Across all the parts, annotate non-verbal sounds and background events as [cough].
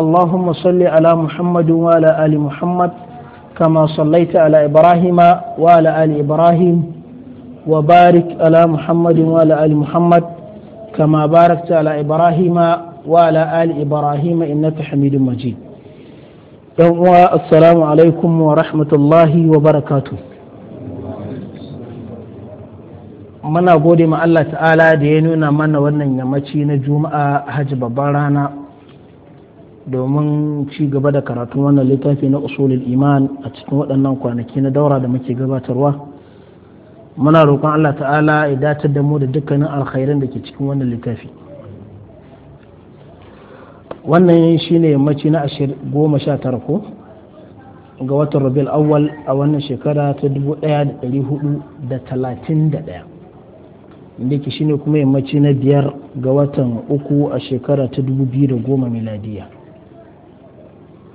اللهم صل على محمد وعلى آل محمد كما صليت على إبراهيم وعلى آل إبراهيم وبارك على محمد وعلى آل محمد كما باركت على إبراهيم وعلى آل إبراهيم إنك حميد مجيد السلام عليكم ورحمة الله وبركاته muna gode ma Allah ta'ala da ya nuna mana wannan yammaci na juma'a hajji babban rana domin ci gaba da karatun wannan littafi na usulul iman a cikin waɗannan kwanaki na daura da muke gabatarwa muna roƙon Allah ta'ala ya datar da mu da dukkanin alkhairan da ke cikin wannan littafi wannan shine yammaci na goma sha tara ko ga watan rabiul awwal a wannan shekara ta dubu ɗaya da ɗari hudu da talatin da ɗaya da ke shine kuma yammaci na biyar ga watan uku a shekara ta dubu biyu da goma miladiya.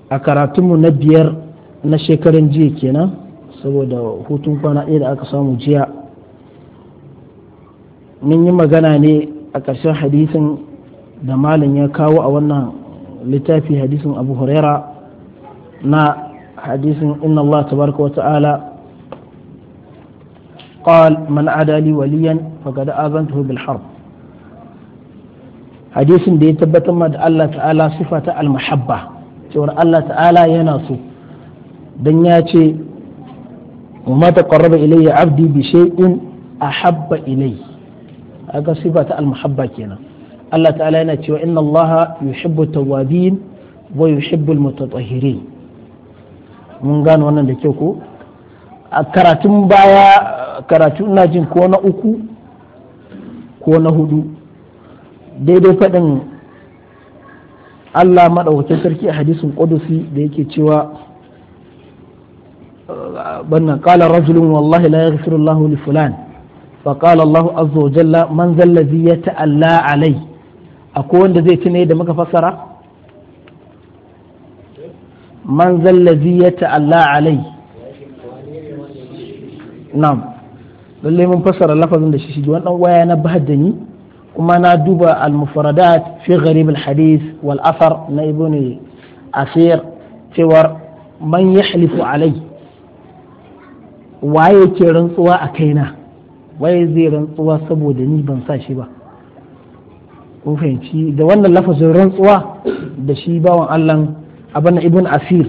a karatunmu na biyar na shekaran jiya kenan saboda hutun kwana ɗaya da aka samu jiya mun yi magana ne a ƙarshen hadisin da malam ya kawo a wannan littafi hadisin abu huraira na hadisin inna Allah tabaraka wa ta'ala قال من عدا لي وليا فقد آذنته بالحرب hadisin da ya tabbatar ma da Allah ta'ala sifata al-mahabba cewar Allah ta'ala yana so dan ya ce ma taqarraba ilayya abdi bi shay'in ahabba ilayhi aga sifa ta al-muhabba kenan Allah ta'ala yana cewa inna Allah yuhibbu tawabin wa yuhibbu al-mutatahhirin mun gano wannan da kyau ko a karatun baya karatu ina jin ko na uku ko na hudu daidai fadin. Allah maɗaukakin sarki a hadisin ƙudusi da yake cewa banna qala rajulun wallahi la yaghfiru Allah li fulan fa qala Allah azza wa jalla man zal ladhi yata'alla alai akwai wanda zai tuna da muka fassara man zal ladhi yata'alla alai na'am lalle mun fassara lafazin da shi shi wannan waya na bahadani kuma na duba al-mufradat fi gharib al-hadith wal athar na ibn asir cewar man yahlifu alai waye ke rantsuwa a kaina waye zai rantsuwa saboda ni ban sa shi ba kun fahimci da wannan lafazin rantsuwa da shi bawan Allah abin ibn asir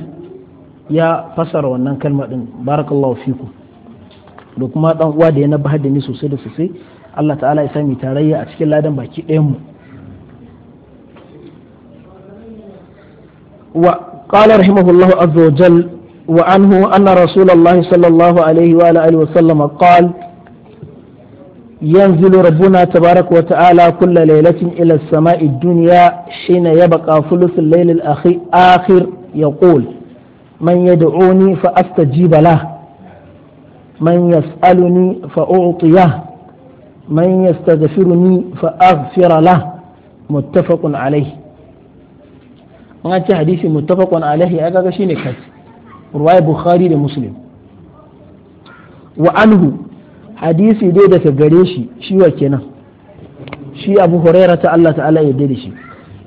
ya fasara wannan kalma din barakallahu fiku da kuma dan uwa da ya nabahar da ni sosai da sosai Allah ta'ala ya sami tarayya a cikin ladan baki ɗayanmu mu wa qala rahimahullahu azza wa jal wa anhu anna rasulullahi sallallahu alaihi wa alihi wa sallam qala ينزل ربنا تبارك وتعالى كل ليلة إلى السماء الدنيا حين يبقى ثلث الليل الأخير آخر يقول من يدعوني فأستجيب له من يسألني فأعطيه من يستغفرني فأغفر له متفق عليه an ce hadisi muttafaqun alaihi ya kaga shine kai ruwaya bukhari da muslim wa anhu hadisi dai daga gare shi wa kenan shi abu huraira ta Allah ta'ala ya da shi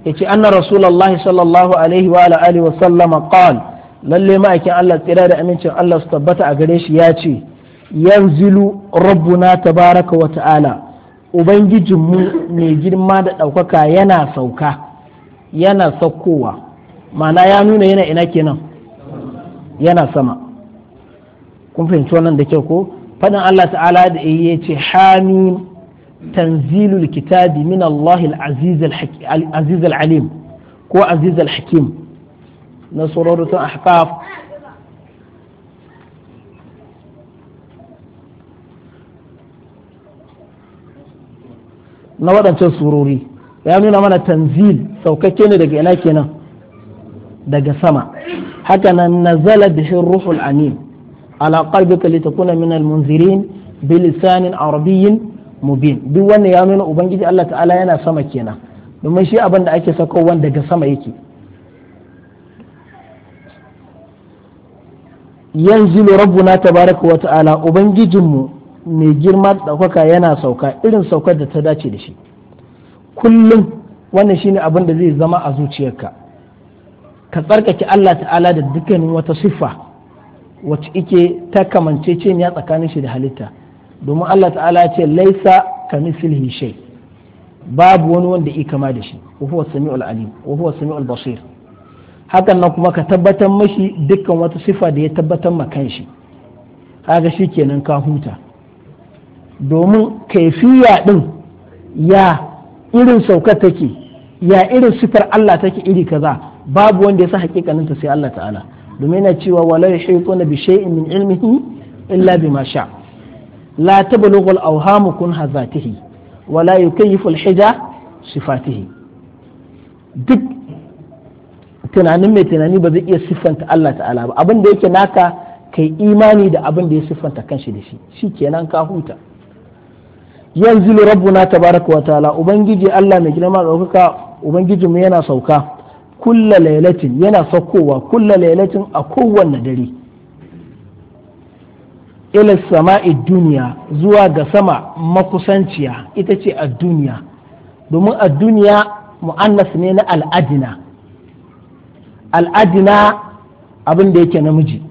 yace anna rasulullahi sallallahu alaihi wa alihi wa sallama qala lalle ma'aikin Allah tsira da amincin Allah su tabbata a gare shi ya ce yanzilu rabbuna tabaraka wa ta'ala ubangijinmu mai girma da ɗaukaka yana sauka yana saukowa mana ya nuna yana ina kenan yana sama kun fahimci wannan da kyau ko faɗin Allah ta'ala da ya ce hamim tanzilul kitabi min Allah al-aziz al-alim ko aziz al-hakim na suratul ahqaf na waɗancan surori ya nuna mana tanzil saukakke ne daga ina kenan daga sama haka nan nazala bihi ruhul amin ala ta kuna min almunzirin bilisanin arabiyyin mubin duk wannan ya nuna ubangiji Allah ta'ala yana sama kenan domin shi abin da ake saukowa daga sama yake yanzu rabbuna tabaraka wa ta'ala ubangijinmu mai girma da ɗaukaka yana sauka irin saukar da ta dace da shi kullum wannan shine abin da zai zama a zuciyarka ka tsarkake Allah ta'ala da dukkanin wata siffa wacce ike ta ya tsakanin shi da halitta domin Allah ta'ala ce laisa ka mislihi shay babu wani wanda ya kama da shi wa huwa samiul alim wa huwa samiul basir hakan nan kuma ka tabbatar mashi dukkan wata siffa da ya tabbatar ma kanshi shi kenan ka huta domin kaifiya ɗin ya irin saukar take ya irin sifar Allah take iri kaza babu wanda ya san hakikanin ta sai Allah ta'ala domin yana cewa wala kuna bi shay'in min ilmihi illa bima sha la tablughu al-awhamu kun hazatihi wala yukayyifu al-hija sifatihi duk tunanin mai tunani ba zai iya siffanta Allah ta'ala ba abin da yake naka kai imani da abin da ya siffanta kanshi da shi kenan ka huta yanzilu rabbuna tabaraka wa ta'ala ubangiji Allah mai girma daukaka ubangiji mu yana sauka kulla lailatin yana saukowa kulla lailatin a kowanne dare ila sama'i duniya zuwa ga sama makusanciya ita ce a duniya domin a duniya mu'annas ne na al'adina al'adina abin da yake namiji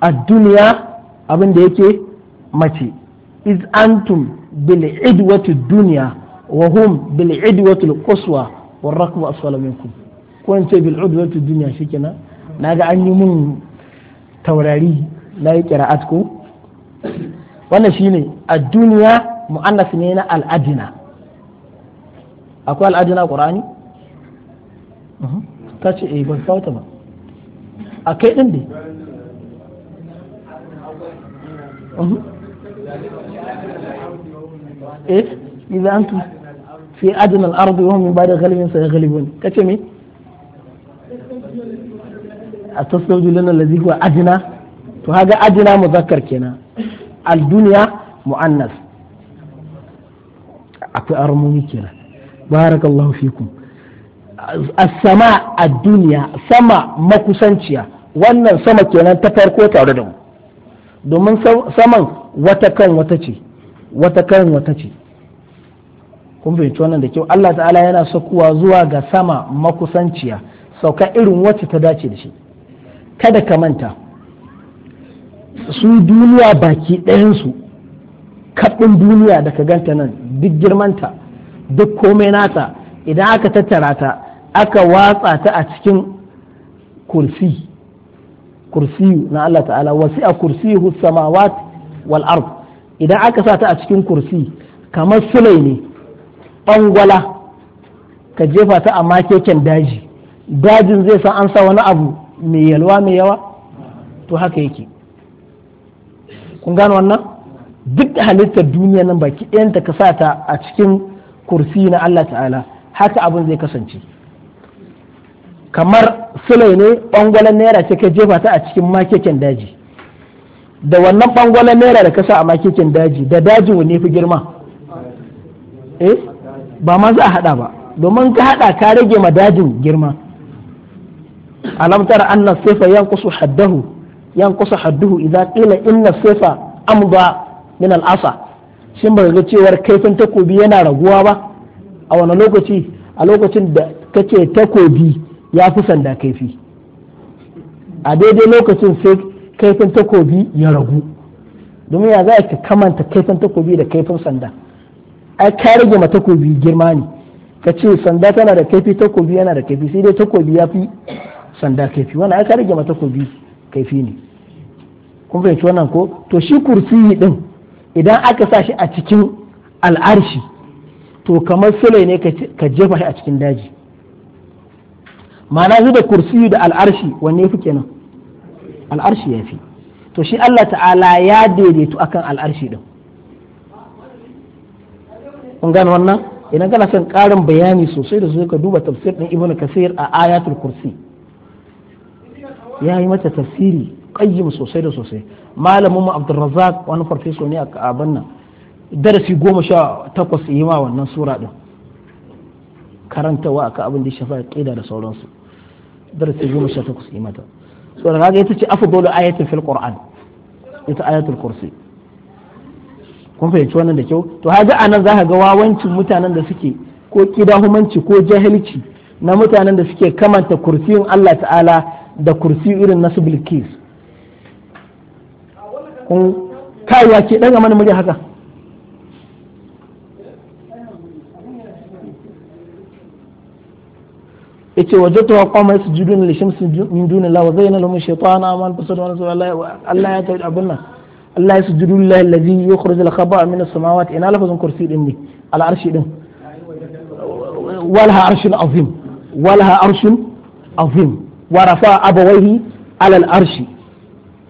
a duniya abin da yake mace iz antum bil idwati dunya wa hum bil idwati al quswa wal rakbu asfala ko in ce bil idwati dunya shikenan naga an mun taurari na yi qira'at ko wannan shine ad duniya mu'annas ne na al adna akwai al adna eh idza antum fi adna al-ard wa hum min ba'di ghalibin sayaghlibun kace me atastawju lana allazi huwa adna to haga adna muzakkar kenan al-dunya muannas akwai armuni kenan barakallahu fikum sama sama makusanciya wannan sama kenan ta farko tare da mu domin saman wata kan wata ce wata karin wata ce kun fahimci wannan da kyau Allah ta'ala yana sakuwa zuwa ga sama makusanciya sauka irin wacce ta dace da shi kada ka manta su duniya baki ɗayansu kaɗin duniya da ka ganta nan duk girmanta duk komai nata idan aka tattara ta aka watsa ta a cikin kursi kursiyu na Allah ta'ala wasi a kursiyu samawat wal ard idan aka sa ta a cikin kursi kamar sulai ne ɓangwala ka jefa ta a makeken daji dajin zai san an sa wani abu mai yalwa mai yawa to haka yake kun gano wannan duk halittar duniya nan baki ɗayanta ka sa ta a cikin kursi na Allah ta'ala haka abin zai kasance kamar sulai ne ɓangwalen naira ce ka jefa ta a cikin makeken daji da wannan bangwalen naira da kasa a makikin daji da daji wanne fi girma eh ba ma za a hada ba domin ka hada ka rage ma dajin girma alamtar anna sifa yanqusu haddahu yanqusu hadduhu idza qila inna sifa amda min al-asa shin ba ga cewar kaifin takobi yana raguwa ba a wani lokaci a lokacin da kake takobi ya fi sanda kaifi a daidai lokacin sai kaifin takobi ya ragu domin ya za ka kamanta kaifin takobi da kaifin sanda ai ka rage ma takobi girma ne ka ce sanda tana da kaifi takobi yana da kaifi sai dai takobi ya fi sanda kaifi wannan ai ka rage ma takobi kaifi ne kun fahimci wannan ko to shi kursiyi din idan aka sa shi a cikin al'arshi to kamar sule ne ka jefa shi a cikin daji ma'ana zuba kursiyi da al'arshi wanne fi kenan al'arshi ya fi to shi Allah ta'ala ya daidaitu akan al'arshi din kun gane wannan idan kana son ƙarin bayani sosai da sosai ka duba tafsir din ibnu kasir a ayatul kursi ya yi mata tafsiri qayyim sosai da sosai malamin mu abdurrazzaq wani farfeso ne a abin nan darasi goma sha takwas yi ma wannan sura din karantawa aka abin da ya shafa ƙida da sauransu darasi goma sha takwas yi mata so da kaga ita ce afdalu ayatin fil qur'an ita ayatul kursi kun fahimci wannan da kyau to haga anan zaka ga wawancin mutanen da suke ko kidahumanci ko jahilci na mutanen da suke kamanta kursiyin Allah ta'ala da kursi irin na kun kai ya ke daga mana murya haka yace wajadtuha qawma yasjuduna li shamsi min dunillahi wa zayyana lahum shaytanu amal fasadu wa Allah Allah ya tabi abunna Allah ya sujudu lillahi alladhi yukhrij al-khaba'a min as-samawati ina lafazin kursi din ne al-arshi din walha arshun azim walha arshun azim wa rafa abawaihi ala al-arshi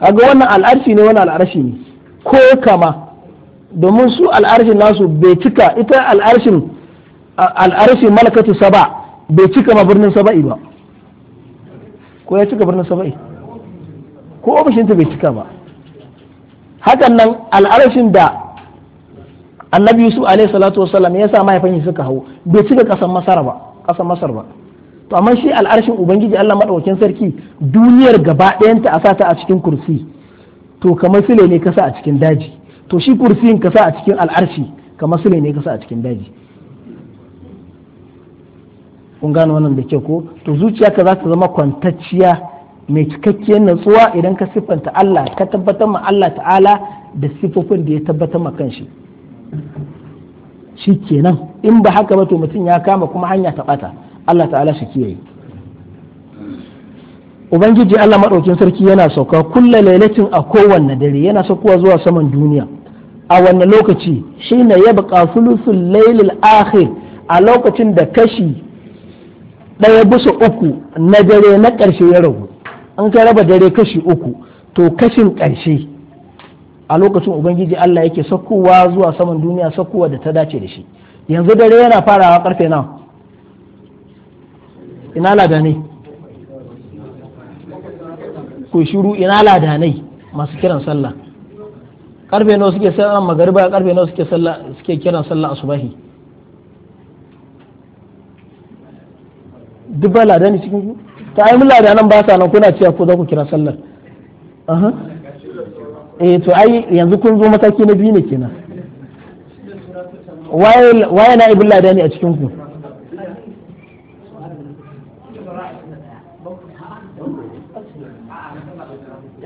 kaga wannan al-arshi ne wannan al-arshi ne ko kama domin su al-arshin nasu bai cika ita al-arshin al-arshi malakatu saba' bai cika ma birnin saba'i ba ko ya cika birnin saba'i ko ofishinta bai cika ba hakan nan al'arashin da annabi yusuf alaihi salatu wasallam ya sa mahaifan suka hau bai cika kasan masar ba kasan masar ba to amma shi al'arashin ubangiji Allah madaukakin sarki duniyar gaba ɗayanta a sata a cikin kursi to kamar sule ne kasa a cikin daji to shi kursiyin sa a cikin al'arshi kamar sule ne ka sa a cikin daji kun gano wannan da ke ko to zuciyarka za ta zama kwantacciya mai cikakkiyar natsuwa idan ka siffanta Allah ka tabbatar ma Allah ta'ala da siffofin da ya tabbatar ma kanshi shi kenan in ba haka ba to mutum ya kama kuma hanya ta bata Allah ta'ala shi kiyaye ubangiji Allah maɗaukin sarki yana sauka kulla lailatin a kowanne dare yana saukowa zuwa saman duniya a wanne lokaci shine yabqa sulusul lailil akhir a lokacin da kashi ɗaya bisa uku na dare na ƙarshe ya ragu an kai raba dare kashi uku to kashin ƙarshe a lokacin ubangiji Allah yake sakkowa zuwa saman duniya sakkowa da ta dace da shi yanzu dare yana farawa ƙarfe na, ina ladanai ku shiru ina ladanai masu kiran sallah Ƙarfe nawa suke sallah magariba ƙarfe nawa suke sallah suke kiran sallah asubahi duk ba lada ne cikin ku ta ai lada nan ba sa nan kuna cewa ko za ku kira sallar eh to ai yanzu kun zo mataki na biyu ne kenan waye na ibn lada ne a cikin ku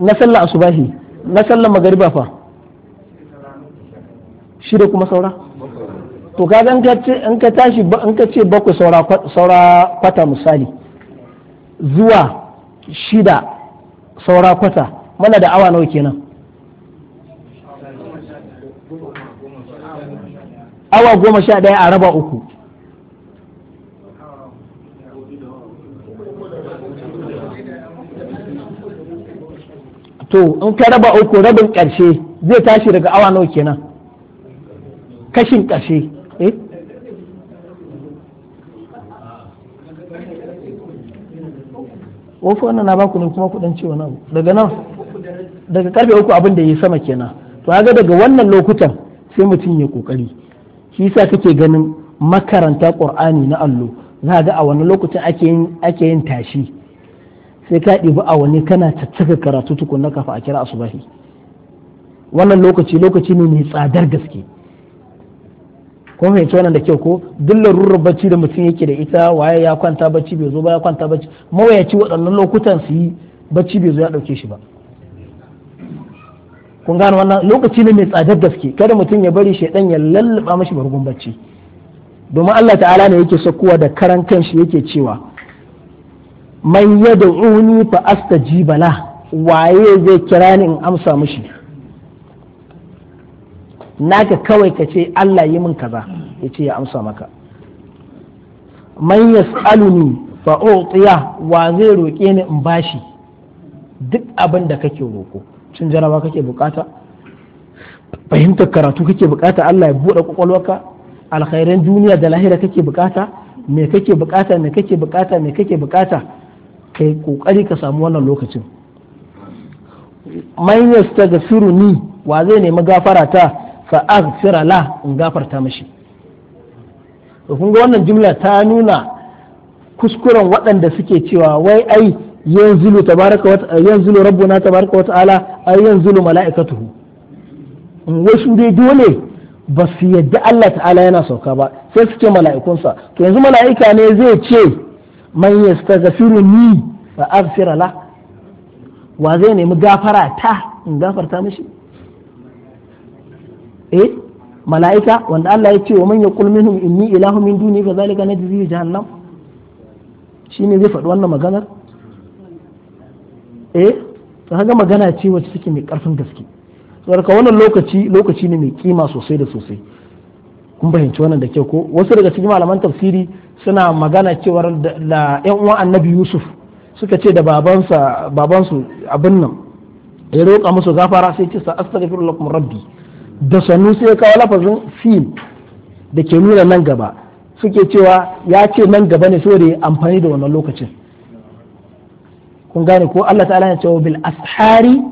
na sallar asubahi na sallar magariba fa shi da kuma saura to ka in ka tashi in ka ce bakwai saura kwata misali zuwa shida saura kwata mana da awa nawa kenan awa goma sha ɗaya a raba uku to in ka raba uku rabin ƙarshe zai tashi daga awa nawa kenan kashin ƙarshe eh wofi wannan na baku ne kuma kudan ce daga nan daga karfe uku abin da ya sama kenan to ga daga wannan lokutan sai mutum ya kokari shi yasa kake ganin makaranta ƙur'ani na allo za ga a wani lokutan ake yin ake yin tashi sai ka ɗibi a wani kana caccaka karatu tukunna kafa a kira asubahi wannan lokaci lokaci ne mai tsadar gaske kun fahimci wannan da kyau ko duk larurar bacci da mutum yake da ita waye ya kwanta bacci bai zo ba ya kwanta bacci mawayaci waɗannan lokutan su yi bacci bai zo ya ɗauke shi ba kun gane wannan lokaci ne mai tsadar gaske kada mutum ya bari shaidan ya lallaba mashi bargun bacci domin Allah ta'ala ne yake sakkuwa da karan kanshi yake cewa man yad'uni fa astajiba la waye zai kira ni in amsa mashi naka kawai ka ce Allah yi min kaza ya ce ya amsa maka man yas'aluni fa utiya wa zai roƙe ni in bashi duk abin da kake roƙo cin jaraba kake bukata fahimtar karatu kake bukata Allah ya buɗe kwakwalwarka alkhairan duniya da lahira kake bukata me kake bukata me kake bukata me kake bukata kai kokari ka samu wannan lokacin man yastaghfiruni wa zai nemi gafara ta fa’afira la in gafarta mashi to kun ga wannan jumla ta nuna kuskuren waɗanda suke cewa wai ai yanzulu tabaraka wa yanzulu rabbuna tabaraka wa ta'ala ai yanzulu mala'ikatuhu wasu dai dole ba su yadda Allah ta'ala yana sauka ba sai suke mala'ikunsa to yanzu mala'ika ne zai ce man yastaghfiru ni fa la wa zai nemi gafara ta in gafarta mashi. eh mala'ika wanda Allah ya ce wa man yaqul minhum inni ilahu min duni fa zalika najzi jahannam shine zai faɗi wannan maganar eh to haga magana ce wacce take mai karfin gaske saboda wannan lokaci lokaci ne mai kima sosai da sosai kun fahimci wannan da kyau ko wasu daga cikin malaman tafsiri suna magana cewar da ƴan uwan annabi yusuf suka ce da babansa babansu abin nan ya roƙa musu gafara sai ce sa astaghfirullakum rabbi da sannu sai ya kawo lafazin fim da ke nuna nan gaba suke cewa ya ce nan gaba ne saboda ya amfani da wannan lokacin kun gane ko Allah ta'ala ya cewa bil ashari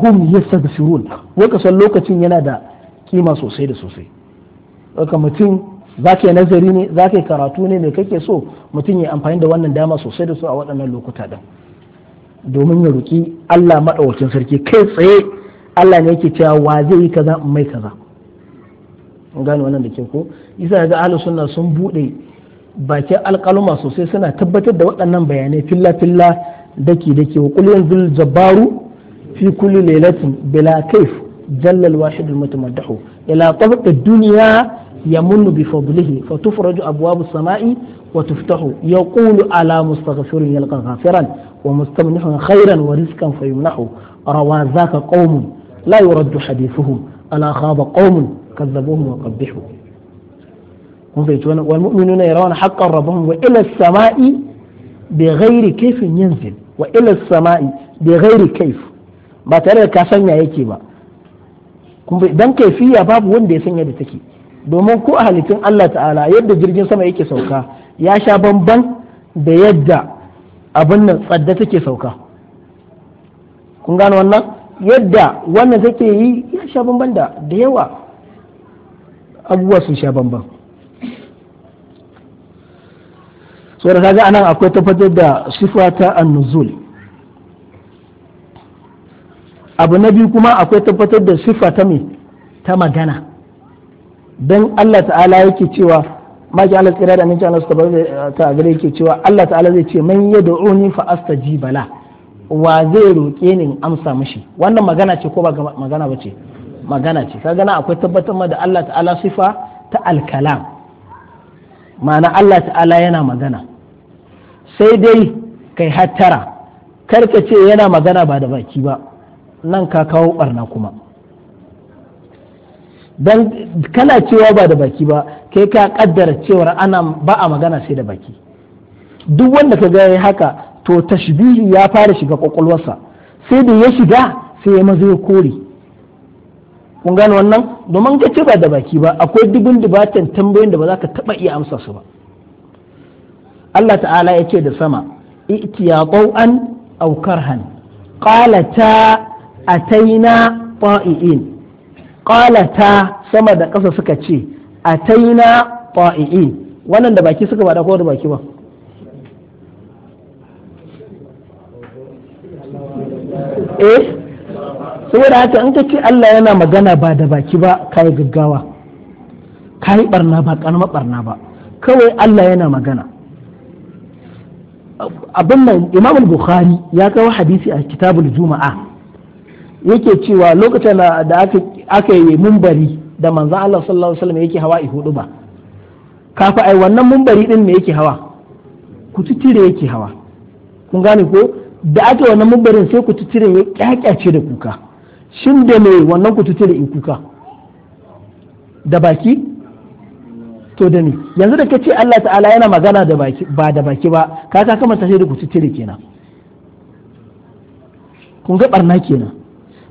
hum yastaghfirun wai ka san lokacin yana da kima sosai da sosai haka mutum zaka yi nazari ne zaka yi karatu ne me kake so mutum ya amfani da wannan dama sosai da su a waɗannan lokuta din domin ya roki Allah madawacin sarki kai tsaye Allah ne yake cewa wa zai yi kaza in mai kaza in gane wannan da ke ko isa ga ahlus sunna sun bude bakin alƙaluma sosai suna tabbatar da waɗannan bayanai filla filla daki daki wa qul yanzul jabbaru fi kulli lailatin bila kaif jalla al-wahid al-mutamaddahu ila tabqa ad-dunya يمن بفضله فتفرج أبواب السماء وتفتح يقول على مستغفر يلقى غافرا ومستمنح خيرا ورزقا فيمنحه روى ذاك قوم la raddu hadithuhum ala khaba qaumun kazzabuhum wa qabbihu kun fahimci wannan wal mu'minuna yarawna haqqan rabbuhum wa ila as wa ila as-sama'i bighairi kayf ba tare da ka sanya yake ba kun dan kaifiya babu wanda ya sanya da take domin ko a halittun Allah ta'ala yadda jirgin sama yake sauka ya sha bamban da yadda abin nan tsadda take sauka kun gane wannan yadda wannan take yi ya sha bamban da da yawa abubuwa sun sha bamban da kaga anan akwai tabbatar da sifa ta annuzul abu na biyu kuma akwai tabbatar da sifa ta me ta magana don Allah ta'ala yake cewa maki Allah tsira da nan Allah suka ta yake cewa Allah ta'ala zai ce man yad'uni fa astajiba la wa zai roƙe ni amsa mishi wannan magana ce ko ba magana ba ce magana ce ka gana akwai tabbatar da Allah ta'ala sifa ta alkalam ma'ana Allah ta'ala yana magana sai dai kai hattara karka ce yana magana ba da baki ba nan ka kawo barna kuma dan kana cewa ba da baki ba kai ka kaddara cewar ana ba a magana sai da baki duk wanda ka ga haka to tashbihi ya fara shiga kwakwalwarsa sai da ya shiga sai ya mazo ya kore kun gane wannan domin ka ce ba da baki ba akwai dubin dubatan tambayoyin da ba za ka taba iya amsa su ba Allah ta'ala ya ce da sama itiya qaw'an aw karhan qalata ataina ta'i'in qalata sama da ƙasa suka ce ataina ta'i'in wannan da baki suka ba da ko da baki ba eh saboda haka in ka ce Allah yana magana ba da baki ba kai gaggawa kai barna ba karma barna ba kawai Allah yana magana abin nan Imam Bukhari ya kawo hadisi a Kitabul Juma'a yake cewa lokacin da aka yi mumbari da manzan Allah sallallahu alaihi wasallam yake hawa ihudu ba kafa ai wannan mumbari din me yake hawa kututture yake hawa kun gane ko da ake wannan mubarin sai kututture ya kyakyace da kuka shin da me wannan kututture in kuka da baki to da ni yanzu da kace Allah ta'ala yana magana da baki ba da baki ba ka ka kama tashi da kututture kenan kun ga barna kenan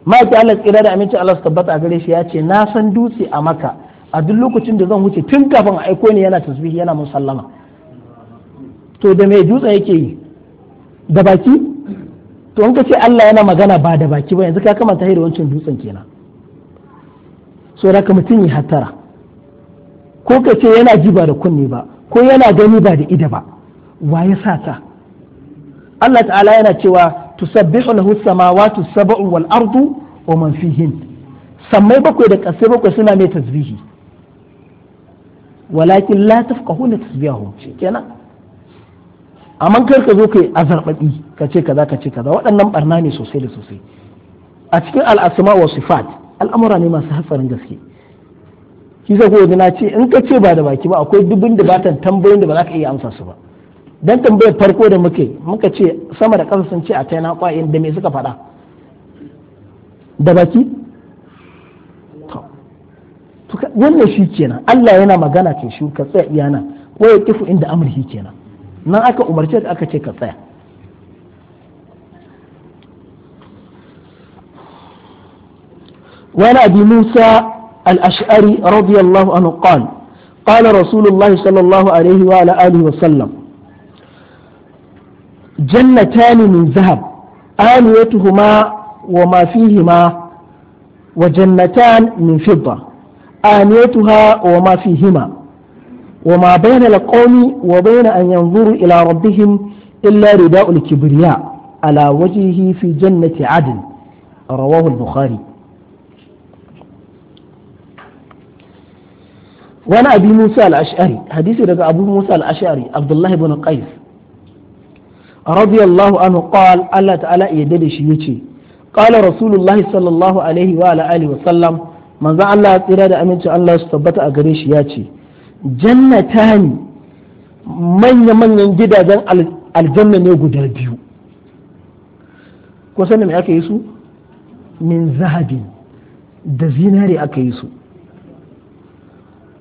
ma'aiki Allah tsira da aminci Allah su tabbata a gare shi ya ce na san dutse a maka a duk lokacin da zan wuce tun kafin a aiko ni yana tasbihi yana musallama to da me dutsen yake yi da baki to in ka ce Allah yana magana ba da baki ba yanzu ka kamata da wancan dutsen kenan so da ka mutum yi hattara ko ka ce yana ji ba da kunne ba ko yana gani ba da ida ba wa ya sa ta Allah ta'ala yana cewa tusabbihu lahu samawati sab'u wal ardu wa man fihin sammai bakwai da ƙasai bakwai suna mai tasbihi walakin la tafqahuna tasbihahum shikenan amma kar ka zo kai azarbabi ka ce kaza ka ce kaza waɗannan barna ne sosai da sosai a cikin al'asma wa sifat al'amura ne masu hatsarin gaske shi zai goyi na ce in ka ce ba da baki ba akwai dubin da batan tambayoyin da ba za ka iya amsa su ba dan tambayar farko da muke muka ce sama da ƙasa sun ce a taina ƙwayin da me suka faɗa da baki wannan shi kenan Allah yana magana ke shi ka tsaya iyana waya kifu inda amurhi kenan nan aka umarce da aka ce ka tsaya wani abi musa al-ash'ari radiyallahu anhu qal qala rasulullahi sallallahu alaihi wa ala alihi wa sallam جنتان من ذهب آنيتهما وما فيهما وجنتان من فضة وما بين القوم وبين أن ينظروا إلى ربهم إلا رداء الكبرياء على وجهه في جنة عدن رواه البخاري وانا أبي موسى الأشعري حديث رجع أبو موسى الأشعري عبد الله بن قيس رضي الله عنه قال الله تعالى يددش يتي قال رسول الله صلى الله عليه وعلى آله وسلم من ذا الله ترى أمين الله استبت أجريش ياتي jannatani manya-manyan gidajen aljanna ne guda biyu ko sanin me aka yi su min zahabi da zinari aka yi su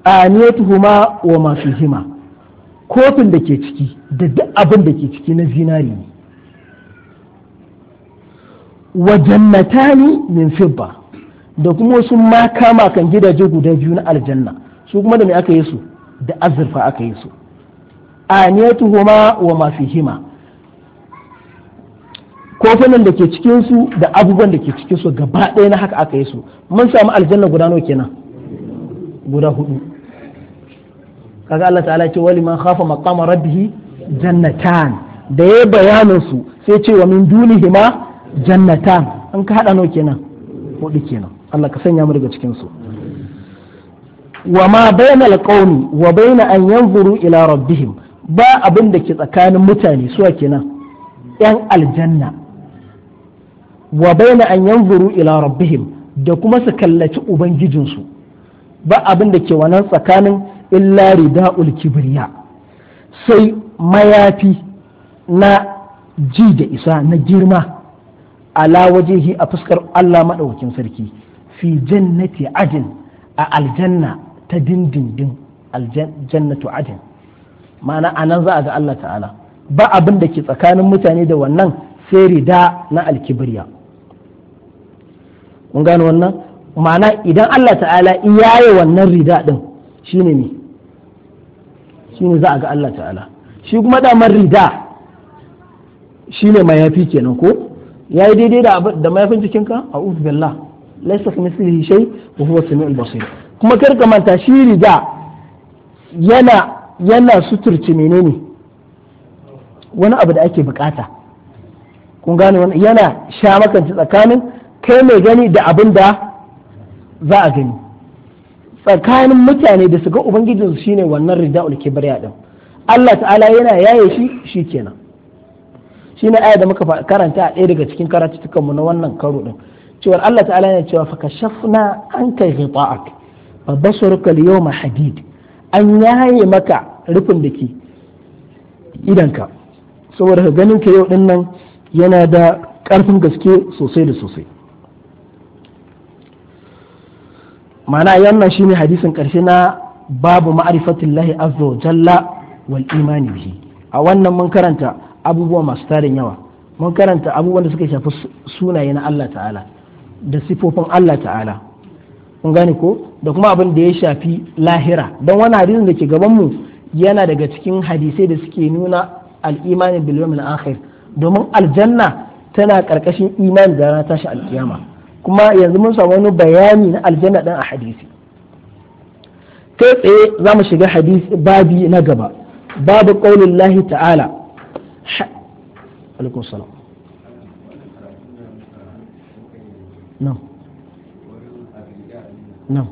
aniyatuhuma wa masu hima kofin da ke ciki da duk abin da ke ciki na zinari ne wa jannatani min fibba da kuma wasu makama kan gidaje guda biyu na aljanna su kuma da me aka yi su da azurfa aka yi su huma wa ma hima kofunan da ke cikinsu da abubuwan da ke cikin su gaba ɗaya na haka aka yi su mun samu aljanna guda nawa kenan guda hudu kaga Allah ta'ala ce wali man khafa maqama rabbih jannatan da ya bayanin su sai ce wa min dunihima jannatan an ka hada nawa kenan hudu kenan Allah ka sanya mu daga cikin su wa ma bainal qaumi wa baina an yanzuru ila rabbihim ba abin da ke tsakanin mutane suwa kenan yan aljanna wa baina an yanzuru ila rabbihim da kuma su kallaci su ba abin da ke wannan tsakanin illa rida'ul kibriya sai mayafi na ji da isa na girma ala wajehi a fuskar Allah maɗaukin sarki fi jannati ajin a aljanna ta dindindin aljannatu adin ma'ana nan za a ga Allah ta'ala ba abin da ke tsakanin mutane da wannan sai rida na alkibriya kun gane wannan ma'ana idan Allah ta'ala yi wannan rida din shine ne shine za a ga Allah ta'ala shi kuma damar rida shine mayafi kenan ko ya yi daidai da mayafin cikinka a bella. laisa fi shai, shay wa huwa samiul basir kuma karka manta shi riga yana yana suturci menene wani abu da ake bukata kun gane wani yana sha makanci tsakanin kai mai gani da abin da za a gani tsakanin mutane da suka su shine wannan rida'ul kibriya din Allah ta'ala yana yaye shi shi kenan Shi shine aya da muka karanta a ɗaya daga cikin tukanmu na wannan karo ɗin. cewar Allah ta'ala yana cewa fa kashafna anka ghita'ak fa basharuka yau yawma hadid an yaye maka rufin da ke idanka saboda ganin ka yau din nan yana da ƙarfin gaske sosai da sosai ma'ana yannan shine hadisin ƙarshe na babu ma'rifatillahi azza wa jalla wal imani bihi a wannan mun karanta abubuwa masu tarin yawa mun karanta abubuwan da suka shafi sunaye na Allah ta'ala da sifofin Allah ta'ala kun gane ko da kuma abin da ya shafi lahira don wani hadisin da ke gaban mu yana daga cikin hadisai da suke nuna al'imani bilomin akhir domin aljanna tana karkashin imani da rana tashi alkiyama kuma yanzu mun samu wani bayani na aljanna dan a hadisi kai tsaye za mu shiga hadisi babi na gaba babu qaulin lahi ta'ala alaikum salam nan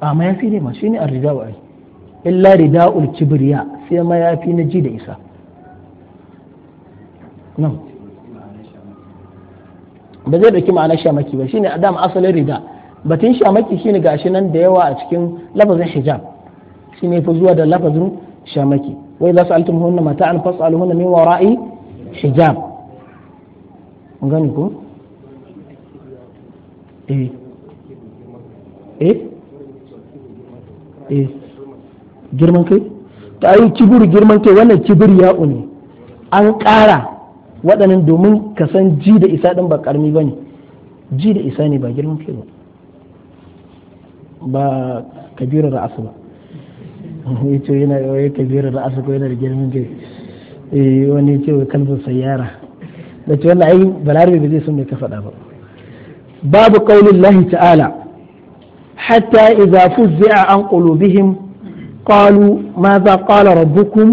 a mayafi ne ma shine rida wa'ai illa rida kibriya sai mayafi na ji da isa nan ba zai dauki ma'anar shamaki ba shine adam asalin rida batun shamaki shine gashi nan da yawa a cikin lafazin hijab shine fa zuwa da lafazin shamaki wai za su altumuhunna mata'an hunna min wara'i hijab gani ko eh. eh eh girman kai ta ayi kibir girman kai wannan kibir ya ne an ƙara waɗannan domin ka san ji da isa ɗin ba ƙarmi ba ne ji da isa ne ba girman kai ba ba kabirar asu ba [laughs] ya ce yana yawai kabirar asu ko yana da girman kai eh, wani ce wa kalbar sayara da ce wannan ai balarabe ba zai san mai ka faɗa ba babu qaulin lahi ta'ala hatta idza fuzza an qulubihim qalu madha qala rabbukum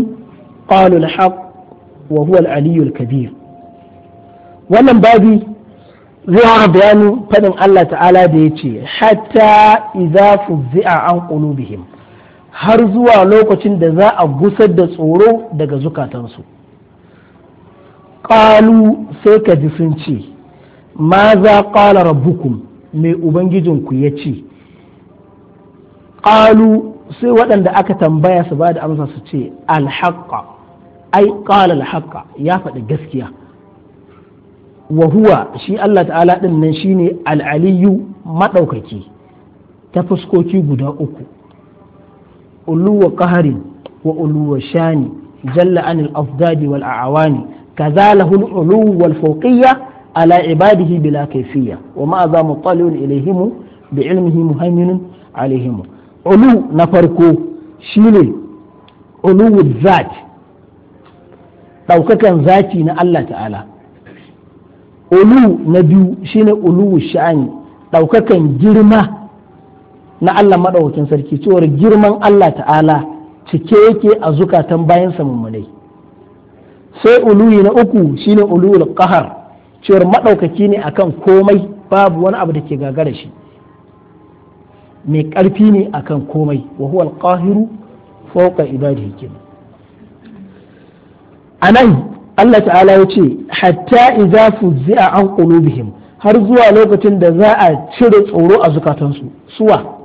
qalu al-haq wa huwa wannan babi zai wani bayanin faɗin Allah ta'ala da ya ce hatta idza fuzza an qulubihim har zuwa lokacin da za a gusar da tsoro daga zukatansu Ƙalu sai ka ji sun ce ma za ƙala rabbukum mai ubangijinku ya ce ƙalu sai waɗanda aka tambaya su ba da amsa su ce alhaƙa ai ƙala alhaƙa ya faɗi gaskiya wa huwa shi Allah ta'ala ɗin nan shine al'aliyu maɗaukaki ta fuskoki guda uku uluwa ƙaharin wa uluwa shani jalla anil afdadi wal a'awani kaza lahul ulu wal fawqiyya ala ibadihi bila kaifiyya. wa ma za mutalun ilayhim bi ilmihi muhaiminun alaihim ulu na farko shine ulu zat daukakan zati na Allah ta'ala ulu na biyu shine ulu sha'ani Ɗaukakan girma na Allah maɗaukakin sarki cewar girman Allah ta'ala cike yake a zukatan bayan samummunai sai uluyi na uku shine uluyul qahar cewar madaukaki ne akan komai babu wani abu da ke gagara shi mai karfi ne akan komai wa huwa al-qahiru fawqa ibadihi kin anan Allah ta'ala ya ce hatta idza fuzi'a an qulubihim har zuwa lokacin da za a cire tsoro a zukatansu suwa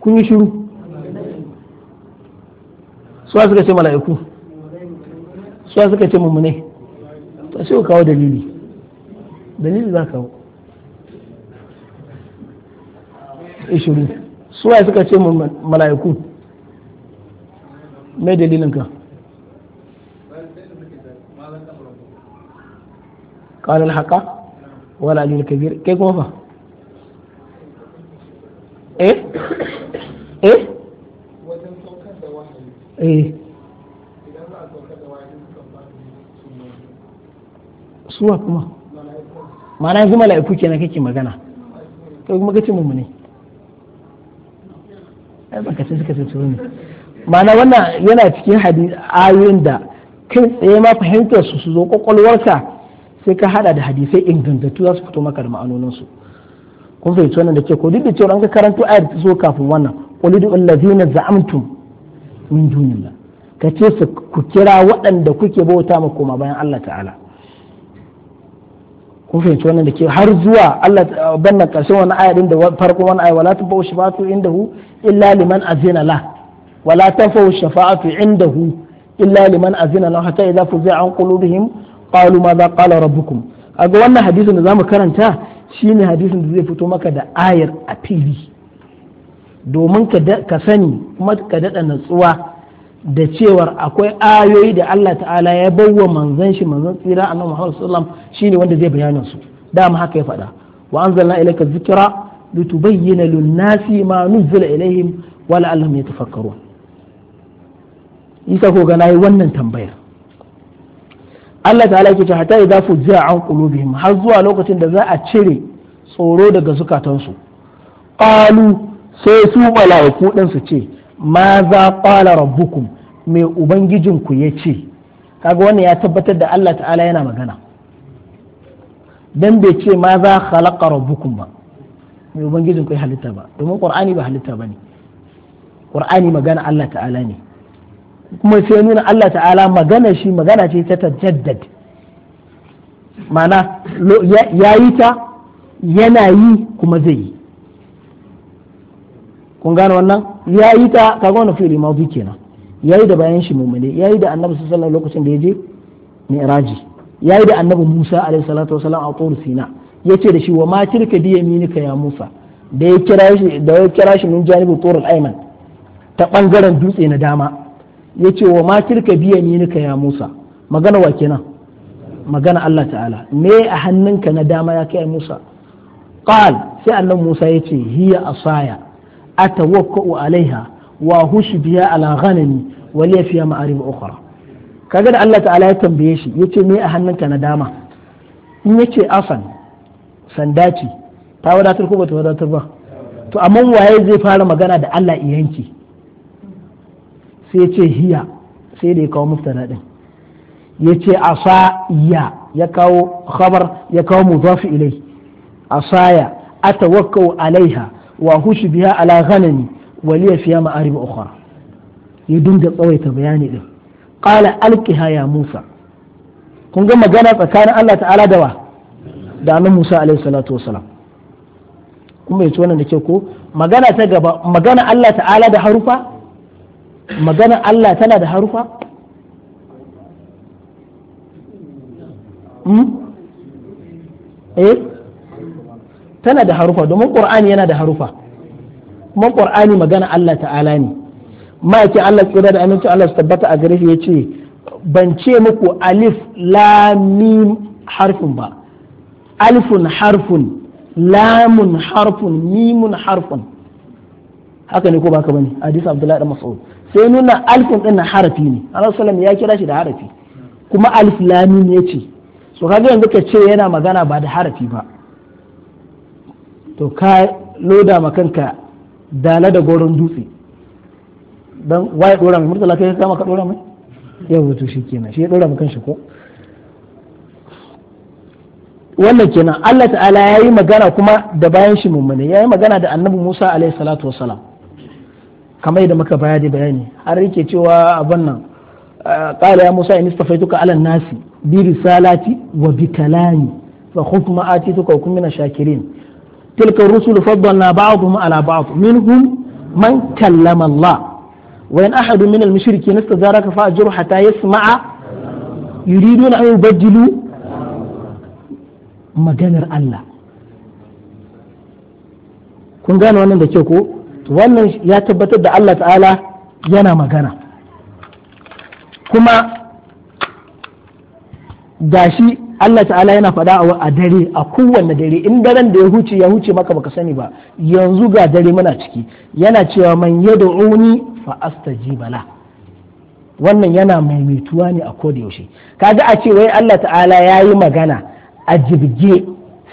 kun yi shiru suwa suka ce mala'iku suwa suka ce mummune to sai kawo dalili dalili za kawo ishiru suwa suka ce mala'iku mai dalilin ka قال الحق ولا kabir kai kuma fa Eh? eh eh suwa kuma ma'ana yanzu mala'iku na kake magana kai kuma kace mu ne ai ban kace suka ce su ne ma'ana wannan yana cikin hadisi ayoyin da kai tsaye ma fahimtar su su zo kwakwalwarka sai ka hada da hadisai ingantattu za su fito maka da ma'anonin su kun fahimci wannan da ke ko duk da cewa an ka karanto ayar ta zo kafin wannan qul lil ladina za'amtum min dunillah ka ce su ku kira waɗanda kuke bauta ma koma bayan Allah ta'ala kun fahimci wannan da ke har zuwa Allah na karshen wani aya din da farko wani aya wala tanfa'u shafa'atu indahu illa liman azina la wala tanfa'u shafa'atu indahu illa liman azina la hatta idza fuzi'a an qulubihim qalu za qala rabbukum kaga wannan hadisin da zamu karanta shine hadisin da zai fito maka da ayar a fili domin ka sani kuma ka daɗa natsuwa da cewar akwai ayoyi da Allah ta'ala ya bawa manzan shi manzan tsira annabi Muhammad sallallahu alaihi shine wanda zai bayanin su dama haka ya faɗa wa anzalna ilayka dhikra litubayyana lin-nasi ma nuzila ilaihim wa la'allahum yatafakkarun isa ko ga nayi wannan tambayar Allah ta'ala yake ta hatta idza fuji'a an qulubihim har zuwa lokacin da za a cire tsoro daga zukatansu qalu sai su mala'iku ɗin su ce ma za ƙwala rabbukum mai ubangijinku ya ce kaga wannan ya tabbatar da Allah ta'ala yana magana dan bai ce ma za khalaqa rabbukum ba mai ubangijinku ya halitta ba domin qur'ani ba halitta ba ne qur'ani magana Allah ta'ala ne kuma sai nuna Allah ta'ala magana shi magana ce ta tajaddad ma'ana ya yi ta yana yi kuma zai yi kun gane wannan ya yi ta kaga wannan fi'ili maudi kenan ya yi da bayan shi mumune ya yi da annabi sallallahu lokacin da ya je mi'raji ya yi da annabi musa alaihi salatu wasalam a tsoro sina ya ce da shi wa ma tilka biya minika ya musa da ya kira shi da ya kira shi min janibu turul ayman ta bangaren dutse na dama ya ce wa ma tilka biya minika ya musa magana wa kenan magana Allah ta'ala me a hannunka na dama ya kai musa qal sai annabi musa ya ce hiya asaya atawakka'u alaiha wa hushi biya ala ghanami wa liya fiya ma'arib ukhra kaga da Allah ta'ala ya tambaye shi yace me a hannunka na dama in yace afan sanda ce ta wadatar ko bata wadatar ba to amma waye zai fara magana da Allah iyanki sai ya hiya sai da ya kawo muftada din ya ce asa ya ya kawo khabar ya kawo mudaf ilai asaya atawakkau alaiha wa hushi biya ala ghanami wa liya fiya ma'arib ukhra ya dunda tsawaita bayani din qala alqiha ya musa kun ga magana tsakanin Allah ta'ala da wa da annabi Musa alaihi salatu wasalam kuma wannan da ke ko magana ta gaba magana Allah ta'ala da harufa magana Allah tana da harufa tana da harufa domin qur'ani yana da harufa kuma ƙurani magana Allah ta'ala ne ma'aikin Allah tsira da aminci Allah su tabbata a gare shi ce ban ce muku alif lam harfin harfun ba alifun harfun lamun harfun mimun harfun haka ne ko baka bane hadisi Abdullahi da Mas'ud sai nuna alifun din harafi ne Allah sallam ya kira shi da harafi kuma alif ya ya ce so kaga yanzu ka ce yana magana ba da harafi ba to ka loda ma kanka dala da goron dutse dan waye dora mai murtala kai kama ka dora mai yau to shi kenan shi ya dora ma kanshi ko wannan kenan Allah ta'ala ya yi magana kuma da bayan shi mummune ya yi magana da annabi Musa alaihi salatu wasalam kamar yadda muka bayani bayani har yake cewa abin nan ah, qala ya Musa in istafaituka ala nasi bi risalati wa bi kalami fa khudh atituka min تلك الرسل فضلنا بعضهم على بعض منهم من كلم الله وإن أحد من المشركين استجارك فأجره حتى يسمع يريدون أن يبدلوا maganar Allah kun gane wannan da ke ko wannan ya tabbatar da Allah ta'ala yana magana kuma gashi Allah ta'ala yana faɗa a dare a kowanne dare in daren da ya huce ya huce maka baka sani ba yanzu ga dare muna ciki yana cewa man uni fa astaji bala wannan yana maimaituwa ne a koda yaushe kaga a ce wai Allah ta'ala ya yi magana a jibge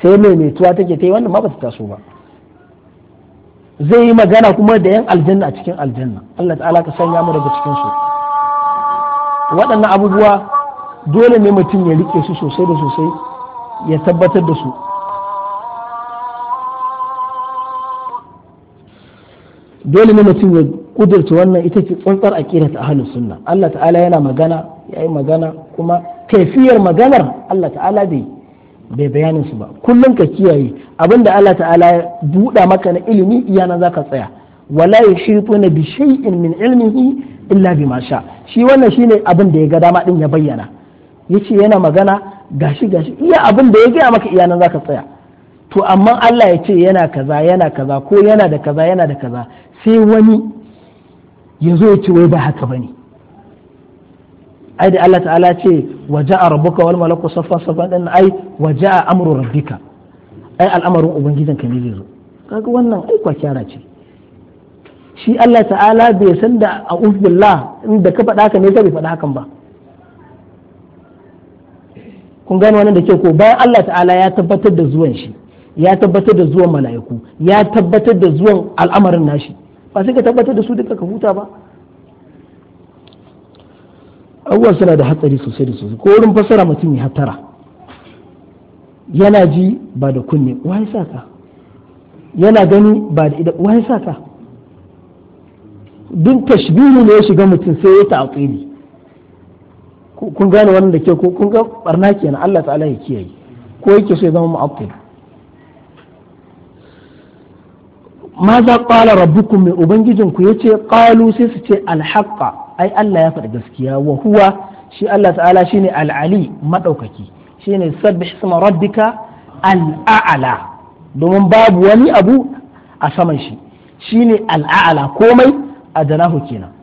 sai maimaituwa take ta yi wannan ma ba ta taso ba zai yi magana kuma da yan aljanna a cikin aljanna Allah ta'ala ka sanya mu daga cikin su waɗannan abubuwa dole ne mutum ya rike su sosai da sosai ya tabbatar da su dole ne mutum ya kudurta wannan ita ce tsuntsar akira ta ahalin sunna Allah ta'ala yana magana ya yi magana kuma kaifiyar maganar Allah ta'ala bai bai bayanin su ba kullum ka kiyaye abinda Allah ta'ala ya buɗa maka na ilimi iya nan zaka tsaya wala ya na bi shay'in min ilmihi illa ma sha shi wannan shine abin da ya ga dama din ya bayyana ce yana magana gashi gashi iya abin da ya gaya maka iyanan zaka tsaya to amma Allah ya ce yana kaza yana kaza ko yana da kaza yana da kaza sai wani ya zo ya ce wai ba haka bane ai da Allah ta'ala ce waja'a rabbuka wal malaku saffa saffa din ai waja'a amru rabbika ai al'amarin ka ne zai zo kaga wannan ai kwa kyara ce shi Allah ta'ala bai san da a'udhu billah inda ka faɗa haka ne sai bai faɗa hakan ba kun gano wannan da ke ko bayan Allah ta'ala ya tabbatar da zuwan shi ya tabbatar da zuwan mala'iku ya tabbatar da zuwan al'amarin nashi ba sai ka tabbatar da su duka ka huta ba abubuwan suna da hatsari sosai da sosai ko wurin fassara mutum ya hatara yana ji ba da kunne wai saka yana gani ba da ida wai saka duk tashbihu ne ya shiga mutum sai ya ta'aqili kun gane wannan da ke ko kun ga barna kenan Allah ta'ala ya kiyaye ko yake so ya zama ma maza qala rabbukum mai ubangijin ku yace qalu sai su ce alhaqa ai Allah ya faɗi gaskiya wa huwa shi Allah ta'ala shine al-ali madaukaki shine sabbih isma rabbika al-a'la domin babu wani abu a saman shi shine al-a'la komai a janahu kenan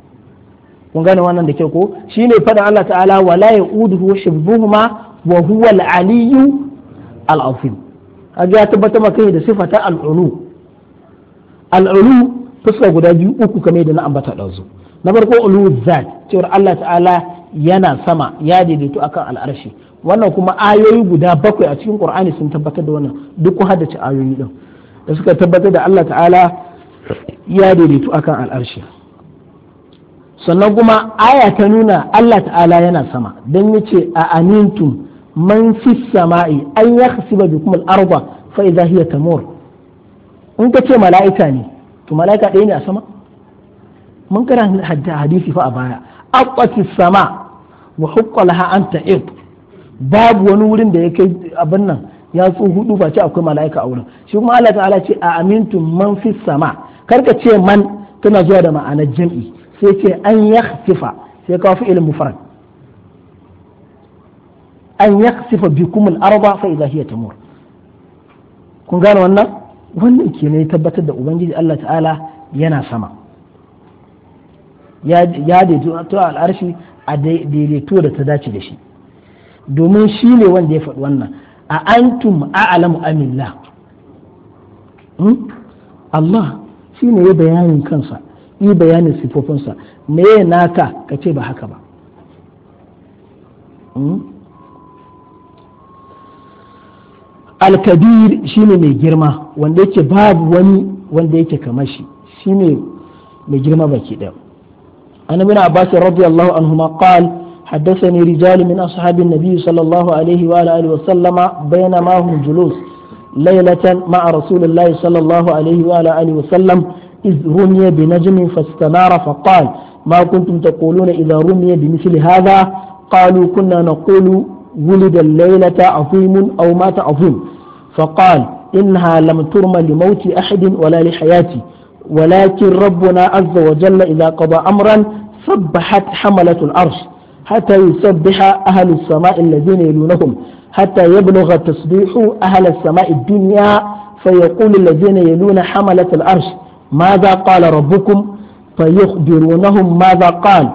kun gane wannan da kyau ko ne faɗin Allah ta'ala wala ya'uduhu shibbuhuma wa huwa al-aliyyu al-azim aje ya tabbata maka da sifata al-ulu al-ulu fuska guda biyu uku kamar da na ambata dazu na farko ulu zat cewa Allah ta'ala yana sama ya daidaito akan al'arshi wannan kuma ayoyi guda bakwai a cikin Qur'ani sun tabbatar da wannan duk haddace ayoyi din da suka tabbatar da Allah ta'ala ya daidaito akan al'arshi sannan kuma aya ta nuna Allah ta'ala yana sama don ya a amintum man fi sama'i an ya hasiba bikum al-arda fa hiya tamur in ka ce mala'ika ne to mala'ika ɗaya ne a sama mun kana hadisi fa a baya aqati sama wa hukka laha an babu wani wurin da ya kai abin nan ya tsu hudu ba ce akwai mala'ika a wurin shi kuma Allah ta'ala ce a amintum man fi sama karka ce man tana zuwa da ma'anar jami'i. sai ce an yakhsifa sai kawo fi'il mufrad an yakhsifa bikum al-arda fa idha hiya tamur kun gane wannan wannan kenan ya tabbatar da ubangiji Allah ta'ala yana sama ya daidaito a al'arshi a daidaito da ta dace da shi domin shi ne wanda ya faɗi wannan a antum a'lamu amillah hmm? Allah shi ne ya bayanin kansa yi bayanin sifofinsa me ya naka ka ce ba haka ba hmm? alkabir shine mai girma wanda yake babu wani wanda yake kamar shi ne mai girma baki ɗaya an ibn abbas radiyallahu anhuma qal حدثني رجال من أصحاب النبي صلى الله عليه وآله وسلم بينما هم جلوس ليلة مع رسول الله إذ رمي بنجم فاستنار فقال ما كنتم تقولون إذا رمي بمثل هذا قالوا كنا نقول ولد الليلة عظيم أو مات عظيم فقال إنها لم ترم لموت أحد ولا لحياتي ولكن ربنا عز وجل إذا قضى أمرا سبحت حملة العرش حتى يسبح أهل السماء الذين يلونهم حتى يبلغ تسبيح أهل السماء الدنيا فيقول الذين يلون حملة العرش ماذا قال ربكم فيخبرونهم ماذا قال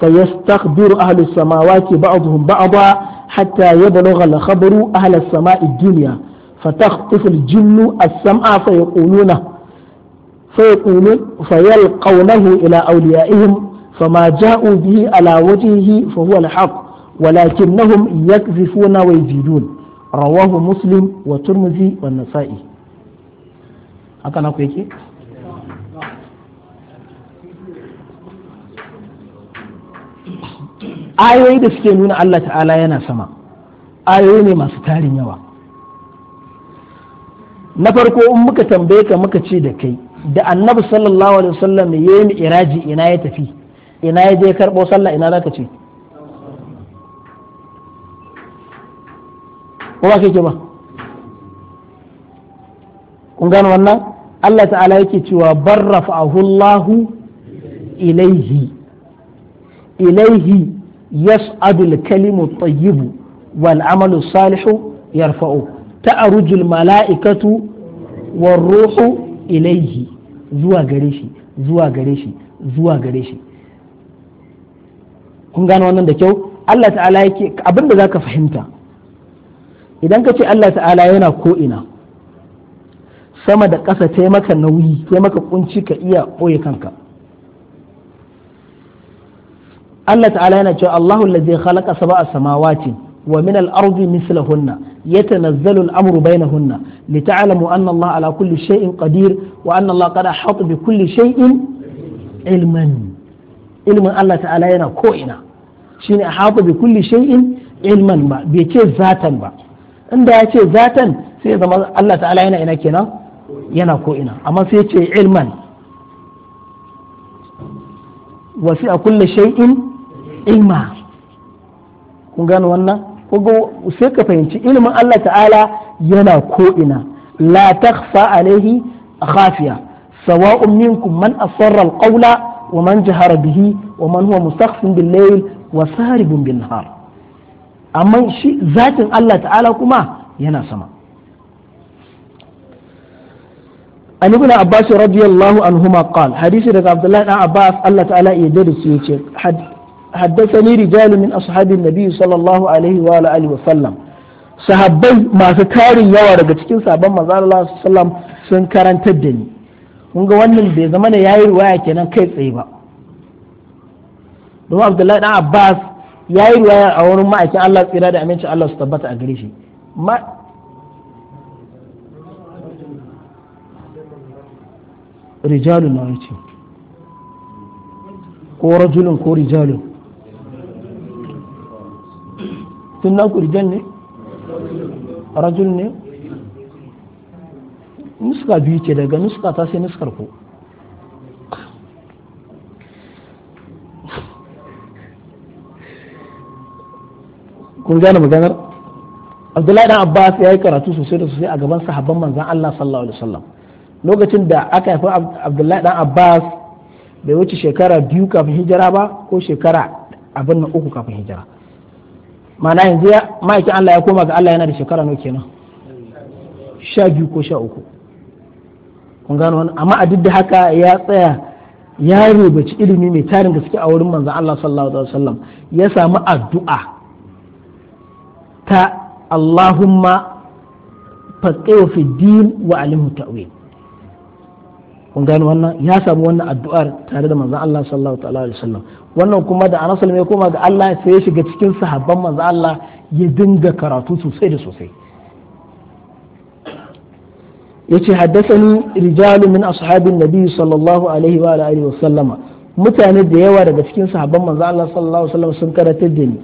فيستخبر أهل السماوات بعضهم بعضا حتى يبلغ الخبر أهل السماء الدنيا فتخطف الجن السمع فيقولون فيقولون فيلقونه إلى أوليائهم فما جاءوا به على وجهه فهو الحق ولكنهم يكذفون ويزيدون رواه مسلم والترمذي والنسائي هكذا ayoyi da suke nuna Allah ta'ala yana sama ayoyi ne masu tarin yawa na farko in muka tambaye ka muka ce da kai da annabi sallallahu alaihi wasallam ya yi iraji ina ya tafi ina ya je karɓo sallah ina za ka ce ko ba kake ba kun gano wannan Allah ta'ala yake cewa barrafa Allahu ilaihi ilaihi يصعد الكلم الطيب والعمل الصالح يرفعه تعرج الملائكة والروح إليه زوا غريشي زوا غريشي زوا غريشي kun gano wannan da kyau Allah ta'ala yake abinda za ka fahimta idan ka ce Allah ta'ala yana ko ina sama da ƙasa taimaka nauyi taimaka kunci ka iya ɓoye kanka Allah ta'ala yana cewa Allahu allazi khalaqa sab'a samawati wa min al-ardi mislahunna yatanazzalu al-amru bainahunna lita'lamu anna Allah ala kulli shay'in qadir wa anna Allah qad ahata bi kulli shay'in ilman ilmin Allah ta'ala yana ko ina shine ahata bi kulli shay'in ilman ba bai ce zatan ba inda ya ce zatan sai ya zama Allah ta'ala yana ina kenan yana ko ina amma sai ya ce ilman wasi a kulle shay'in ni'ima kun gano wannan sai ka fahimci ilimin Allah ta'ala yana ko'ina la takhfa alaihi khafiya sawa'un minkum man asarra alqawla wa man jahara bihi wa man huwa mustakhfin bil wa saribun bin nahar amma shi zatin Allah ta'ala kuma yana sama an ibn abbas radiyallahu anhuma qal hadisi daga abdullahi dan abbas Allah ta'ala ya dade yace حدثني رجال من أصحاب النبي صلى الله عليه وآله وسلم sahabbai masu tarin yawa daga cikin sabon manzo Allah sallam sun karantar da ni kun ga wannan bai zama da yayi ruwaya kenan kai tsaye ba don Abdullahi dan Abbas yayi ruwaya a wurin ma'aikin Allah tsira da amincin Allah su tabbata a gare shi rijalun na yace ko rajulun ko rijalun tun na kurjan ne rajul ne nuska biyu ce daga nuska ta sai nuskar ku kun gane maganar abdullahi dan abbas ya yi karatu sosai da sosai a gaban sahabban manzan allah sallallahu alaihi wasallam lokacin da aka haifi abdullahi dan abbas bai wuce shekara biyu kafin hijira ba ko shekara abin na uku kafin hijira mana yanzu ya ma'aikin Allah ya koma ga Allah yana da shekara nawa kenan sha biyu ko sha uku kun gano wani amma a duk da haka ya tsaya ya rubuci ilimi mai tarin gaske a wurin manzon Allah sallallahu alaihi wasallam ya samu addu'a ta Allahumma faqihu fi din wa alimu ta'wil kun gano wannan ya samu wannan addu'ar tare da manzon Allah sallallahu ta'ala alaihi wasallam wannan kuma da Anas ya koma ga Allah sai ya shiga cikin sahabban manzon Allah ya dinga karatu sosai da sosai yace haddathani rijalu min ashabin nabi sallallahu alaihi wa alihi wasallama mutane da yawa daga cikin sahabban manzon Allah sallallahu alaihi wasallam sun karatar da ni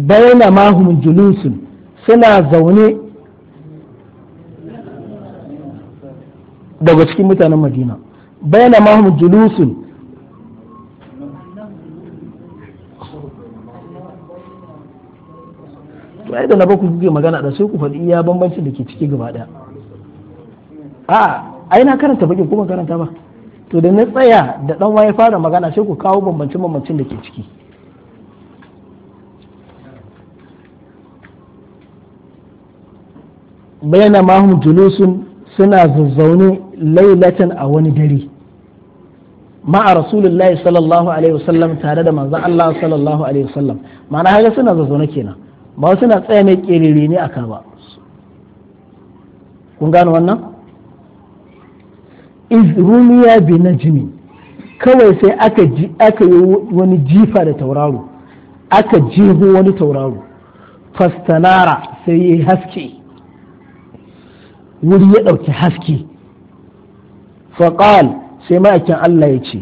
bayana mahum julusun suna zaune daga cikin mutanen madina bayyana hum julusun to ai da na baku kuke magana da sai ku faɗi iya bambancin da ke ciki gaba ɗaya a ai na karanta bakin kuma karanta ba to da na tsaya da dan waye fara magana sai ku kawo bambancin bambancin da ke ciki bayyana hum julusun suna zazzaune lailatan a wani dare ma'a rasulullahi sallallahu alaihi wasallam tare da manzon Allah sallallahu alaihi wasallam ma'ana haka suna zazzauna kenan ba suna tsaya mai ƙerere ne aka ba kun gano wannan iz rumiya bi najmi kawai sai aka ji aka yi wani jifa da tauraro aka jeho wani tauraro fastanara sai yi haske wuri ya ɗauki haske Faƙal sai ma'aikin Allah ya ce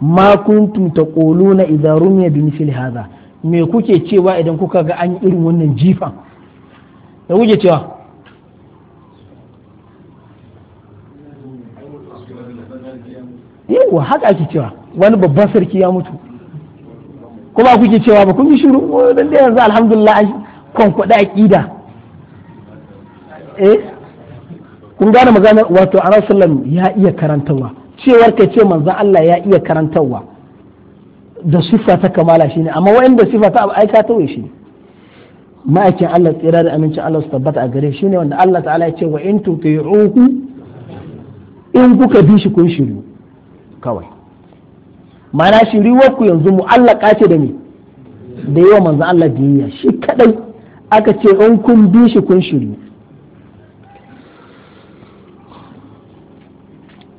ma kuntum taquluna idza rumiya bi misli haza me kuke cewa idan kuka ga an irin wannan jifan da kuke cewa yawa haka ake cewa wani babban sarki ya mutu kuma kuke cewa ba kun yi shiru dan yanzu alhamdulillah an kwankwada aqida eh kun gane magana wato a sallam ya iya karantarwa cewar ka ce manzan Allah ya iya karantarwa da siffa ta kamala shine amma wa'inda siffa ta aika ta wai shine ma'aikin Allah tsira da amincin Allah su tabbata a gare shi ne wanda Allah ta'ala ya ce wa in tuti'uhu in kuka bi shi kun shiru kawai mana shiriwar ku yanzu mu'allaka ce da ni da yawa manzan Allah biyayya shi kadai aka ce in kun bi shi kun shiru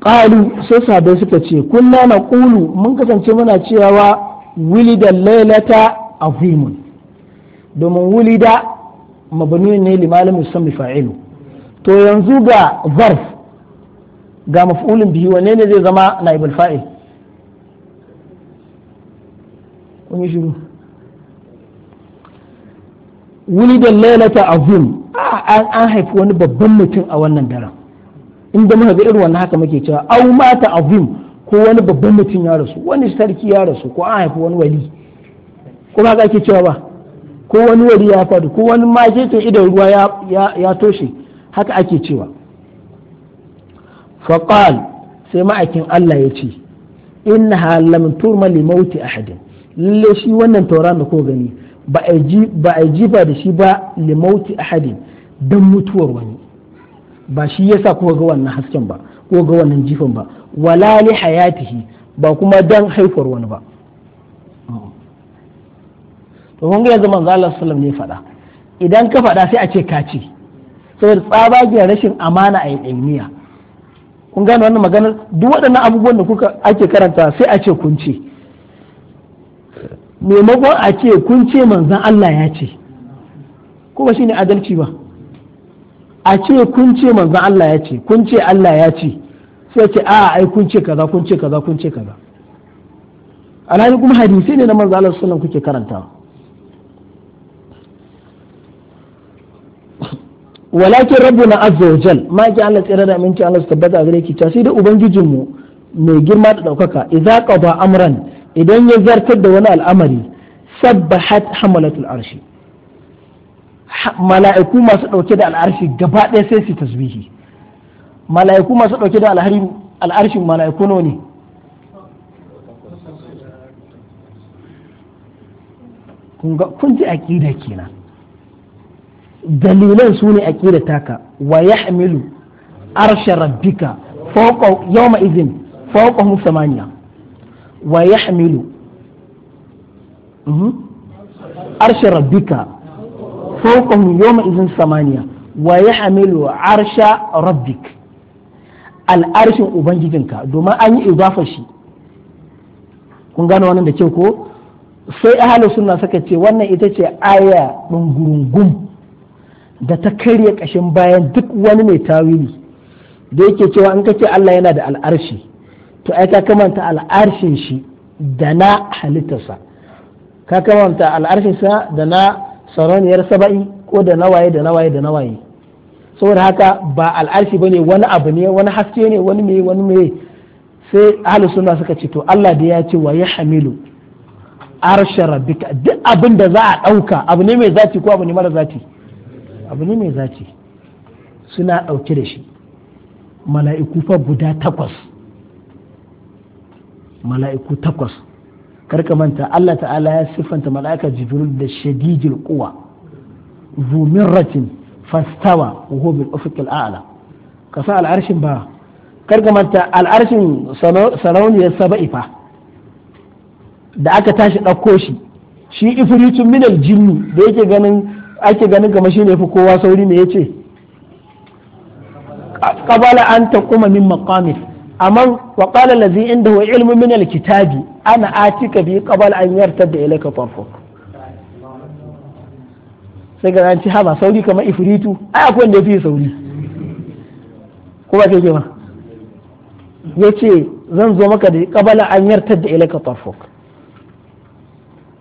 qalu sai sahabbai suka ce kunna naqulu mun kasance muna cewa wulida laylata azimun domin wulida mabni ne limalim musammi fa'ilu to yanzu ga zarf ga maf'ulin bihi wane ne zai zama naibul fa'il kun yi shiru wulida laylata azim ah, an haifi wani babban mutum a wannan daren inda muka ga irin wannan haka muke cewa au mata azim ko wani babban mutum ya rasu wani sarki ya rasu ko an haifi wani wali ko ba ake cewa ba ko wani wali ya faɗi ko wani majeto idan ruwa ya toshe haka ake cewa faqal sai ma'aikin Allah ya ce inna lam turma li mauti ahadin lalle shi wannan tauraron da ko gani ba a jifa da shi ba li mauti ahadin dan mutuwar wani ba shi yasa kuka ga wannan hasken ba ko ga wannan jifan ba wala li hayatihi ba kuma dan haifar wani ba to kun ga yanzu manzo Allah sallallahu alaihi wasallam ne faɗa idan ka faɗa sai a ce ka ce saboda tsabagen rashin amana a ilmiya kun gane wannan maganar duk waɗannan abubuwan da kuka ake karanta sai a ce kun ce maimakon a ce kun ce manzon Allah ya ce ko ba shine adalci ba a ce kun ce manzan Allah ya ce kun ce Allah ya ce sai ce a ai kun ce kaza kun ce kaza kun ce kaza alhali kuma hadisi ne na manzan Allah sunan kuke karantawa walakin rabbuna azza wa jal ma ji Allah tsira da aminci Allah su tabbata gare ki ta sai da mu mai girma da daukaka idza qada amran idan ya zartar da wani al'amari sabbahat hamalatul arshi mala'iku masu ɗauke da al'arshi gaba ɗaya sai su tasbihi mala'iku masu ɗauke da al'arshin mala'iku nawa ne kun ji aƙida kenan dalilan su ne aƙida taka wa yahmilu arsha rabbika fawqa yawma idhin fawqahum samaniya wa yahmilu mhm, arsha rabbika فوقهم يومئذ ثمانية ويحمل عرش ربك العرش أبنجدنك دوما أني إضافة شيء kun gano wannan da kyau ko sai ahalus suna suka ce wannan ita ce aya ɗungurungum da ta karya ƙashin bayan duk wani mai tawili da yake cewa an kace Allah yana da al'arshi to ai ka kamanta al'arshin shi da na halittarsa ka kamanta al'arshin sa da na sarauniyar saba'i ko da nawaye da nawaye da nawaye saboda haka ba al'arshi ne wani abu ne wani haske ne wani me wani me sai ahalus suna suka ce to Allah da ya ce wa ya hamilu arsha rabbika duk abin da za a dauka abu ne mai zaci ko abu ne mara zaci abu ne mai zaci suna dauke da shi mala'iku fa guda takwas mala'iku takwas karka manta Allah ta'ala ya siffanta mala'ikar jibril da shadidil quwa zu mirratin fastawa wa huwa bil ufuq al a'la kasa al arshin ba karka manta al arshin sarauniyar saba'i fa da aka tashi ɗauko shi shi ifritun minal jinni da yake ganin ake ganin kamar shi ne fi kowa sauri ne yace qabala an taquma min maqamih amma wa qala allazi indahu ilmu min alkitabi ana atika bi qabl an da ilaka tarfuk sai ga an ci haba sauri kamar ifritu ai akwai wanda yafi sauri ko ba kai ba yace zan zo maka da qabala an da ilaka tarfuk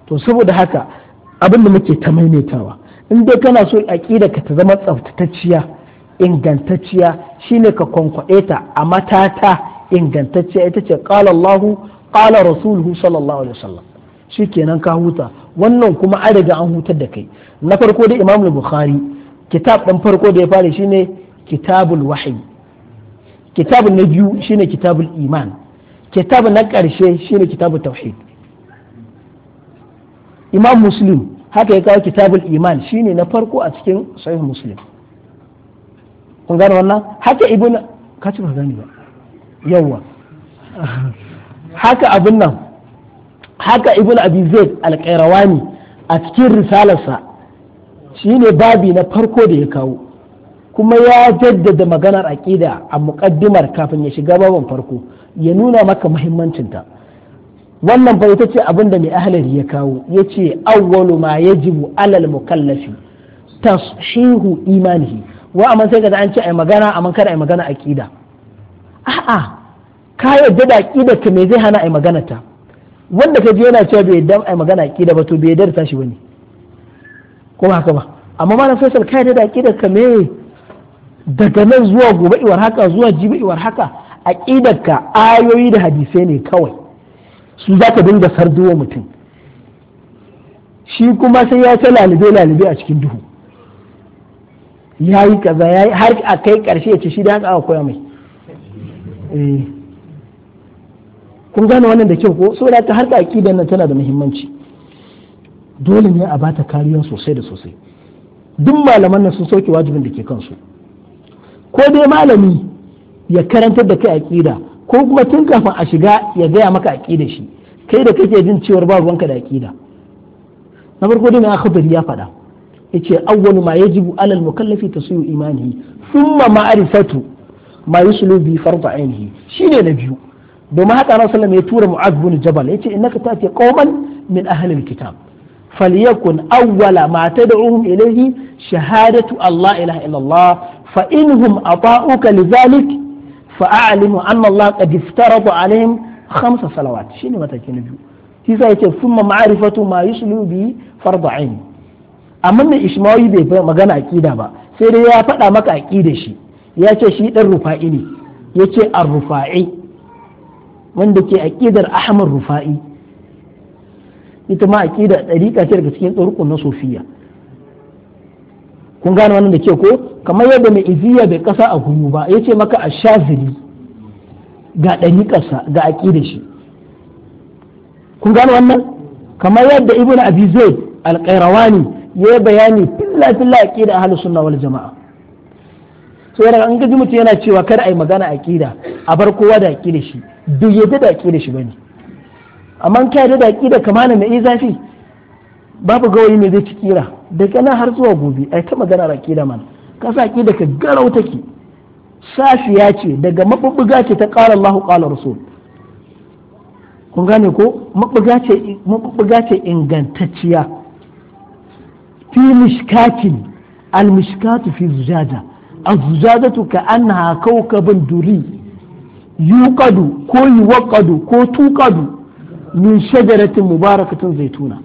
to saboda haka abin da muke ta maimaitawa in dai kana so aqida ka ta zama tsaftatacciya ingantacciya shine ka kwankwaɗe ta a matata ingantacciya ita ce qala Allahu qala rasuluhu sallallahu alaihi wasallam shikenan ka huta wannan kuma an riga an hutar da kai na farko da Imam Bukhari kitab ɗan farko da ya fara shine kitabul wahyi kitab na biyu shine kitabul iman kitab na ƙarshe shine kitabul tauhid Imam Muslim haka ya kawo kitabul iman shine na farko a cikin sahih Muslim kun gane wannan haka na ka ci ba gani ba yawwa haka abin nan haka ibn abi zai alƙairawa a cikin risalarsa ne babi na farko da ya kawo kuma ya jaddada maganar aƙida a muƙaddimar kafin ya shiga babban farko ya nuna maka muhimmancinta wannan bai ta ce abin da mai ahalari ya kawo ya ce awwalu ma yajibu alal mukallafi tashihu imanihi wa amma sai kaga an ce ai magana amma kada ai magana ƙida a'a ka yadda da ƙida ka me zai hana ai magana ta wanda ka ji yana cewa bai yadda ai magana ƙida ba to bai yadda ta shi bane ko haka ba amma malam faisal ka yadda da ƙida ka me daga nan zuwa gobe iwar haka zuwa jibi iwar haka aqidar ka ayoyi da hadisai ne kawai su za ka dinga sarduwa mutum shi kuma sai ya ta lalibe lalibe a cikin duhu ya yi kaza ya yi har a kai ƙarshe ya ce shi da haka aka koya mai eh. kun gane wannan da kyau ko so da ta harka aƙida nan tana da muhimmanci dole ne a bata kariya sosai da sosai duk malaman nan sun sauke wajibin da ke kansu ko dai malami ya karantar da kai aƙida ko kuma tun kafin a shiga ya gaya maka aƙida shi kai da kake jin cewar ba ruwanka da aƙida na farko dai na akhbari ya faɗa yace awwalu ma yajibu alal mukallafi tasuyu imanihi thumma ma'rifatu ma yuslu bi fardu ainihi shine na biyu domin haka rasul ya tura mu'adh bin jabal yace innaka tati qauman min ahli alkitab falyakun awwala ma tad'uhum ilayhi shahadatu allah ilaha illa allah fa inhum ata'uka lidhalik fa a'lamu anna allah qad iftarada alaihim خمس صلوات شنو متى كنا بيو كيف هيك ثم معرفة ما يسلو به فرض عين amma mai ishmawi bai fi magana aƙida ba sai dai ya faɗa maka aƙida shi ya ce shi ɗan rufa'i ne ya ce an rufa'i wanda ke aƙidar ahmad rufa'i ita ma aƙida ɗariƙa ce daga cikin ɗorukun na sofiya kun gane wannan da ke ko kamar yadda mai iziya bai ƙasa a huyu ba ya ce maka a shazili ga ɗariƙarsa ga aƙidar shi kun gane wannan kamar yadda ibn abi zaid al-qayrawani ya yi bayani filla filla ƙida ahlus sunna wal jamaa sai daga an gaji mutum yana cewa kada a yi magana a ƙida a bar kowa da ƙida shi duk yadda da ƙida shi bane amma ka yadda da aqida kamalan da zafi babu gawayi mai zai ci ƙira daga nan har zuwa gobe a ta magana ƙida man ka sa ƙida ka garau take safiya ce daga mabubbuga ce ta ƙara Allahu qala rasul kun gane ko maɓuɓɓuga ce ingantacciya في مشكات المشكات في الزجاجة الزجاجة كأنها كوكب دري يوقد كو يوقد كو توقد من شجرة مباركة زيتونة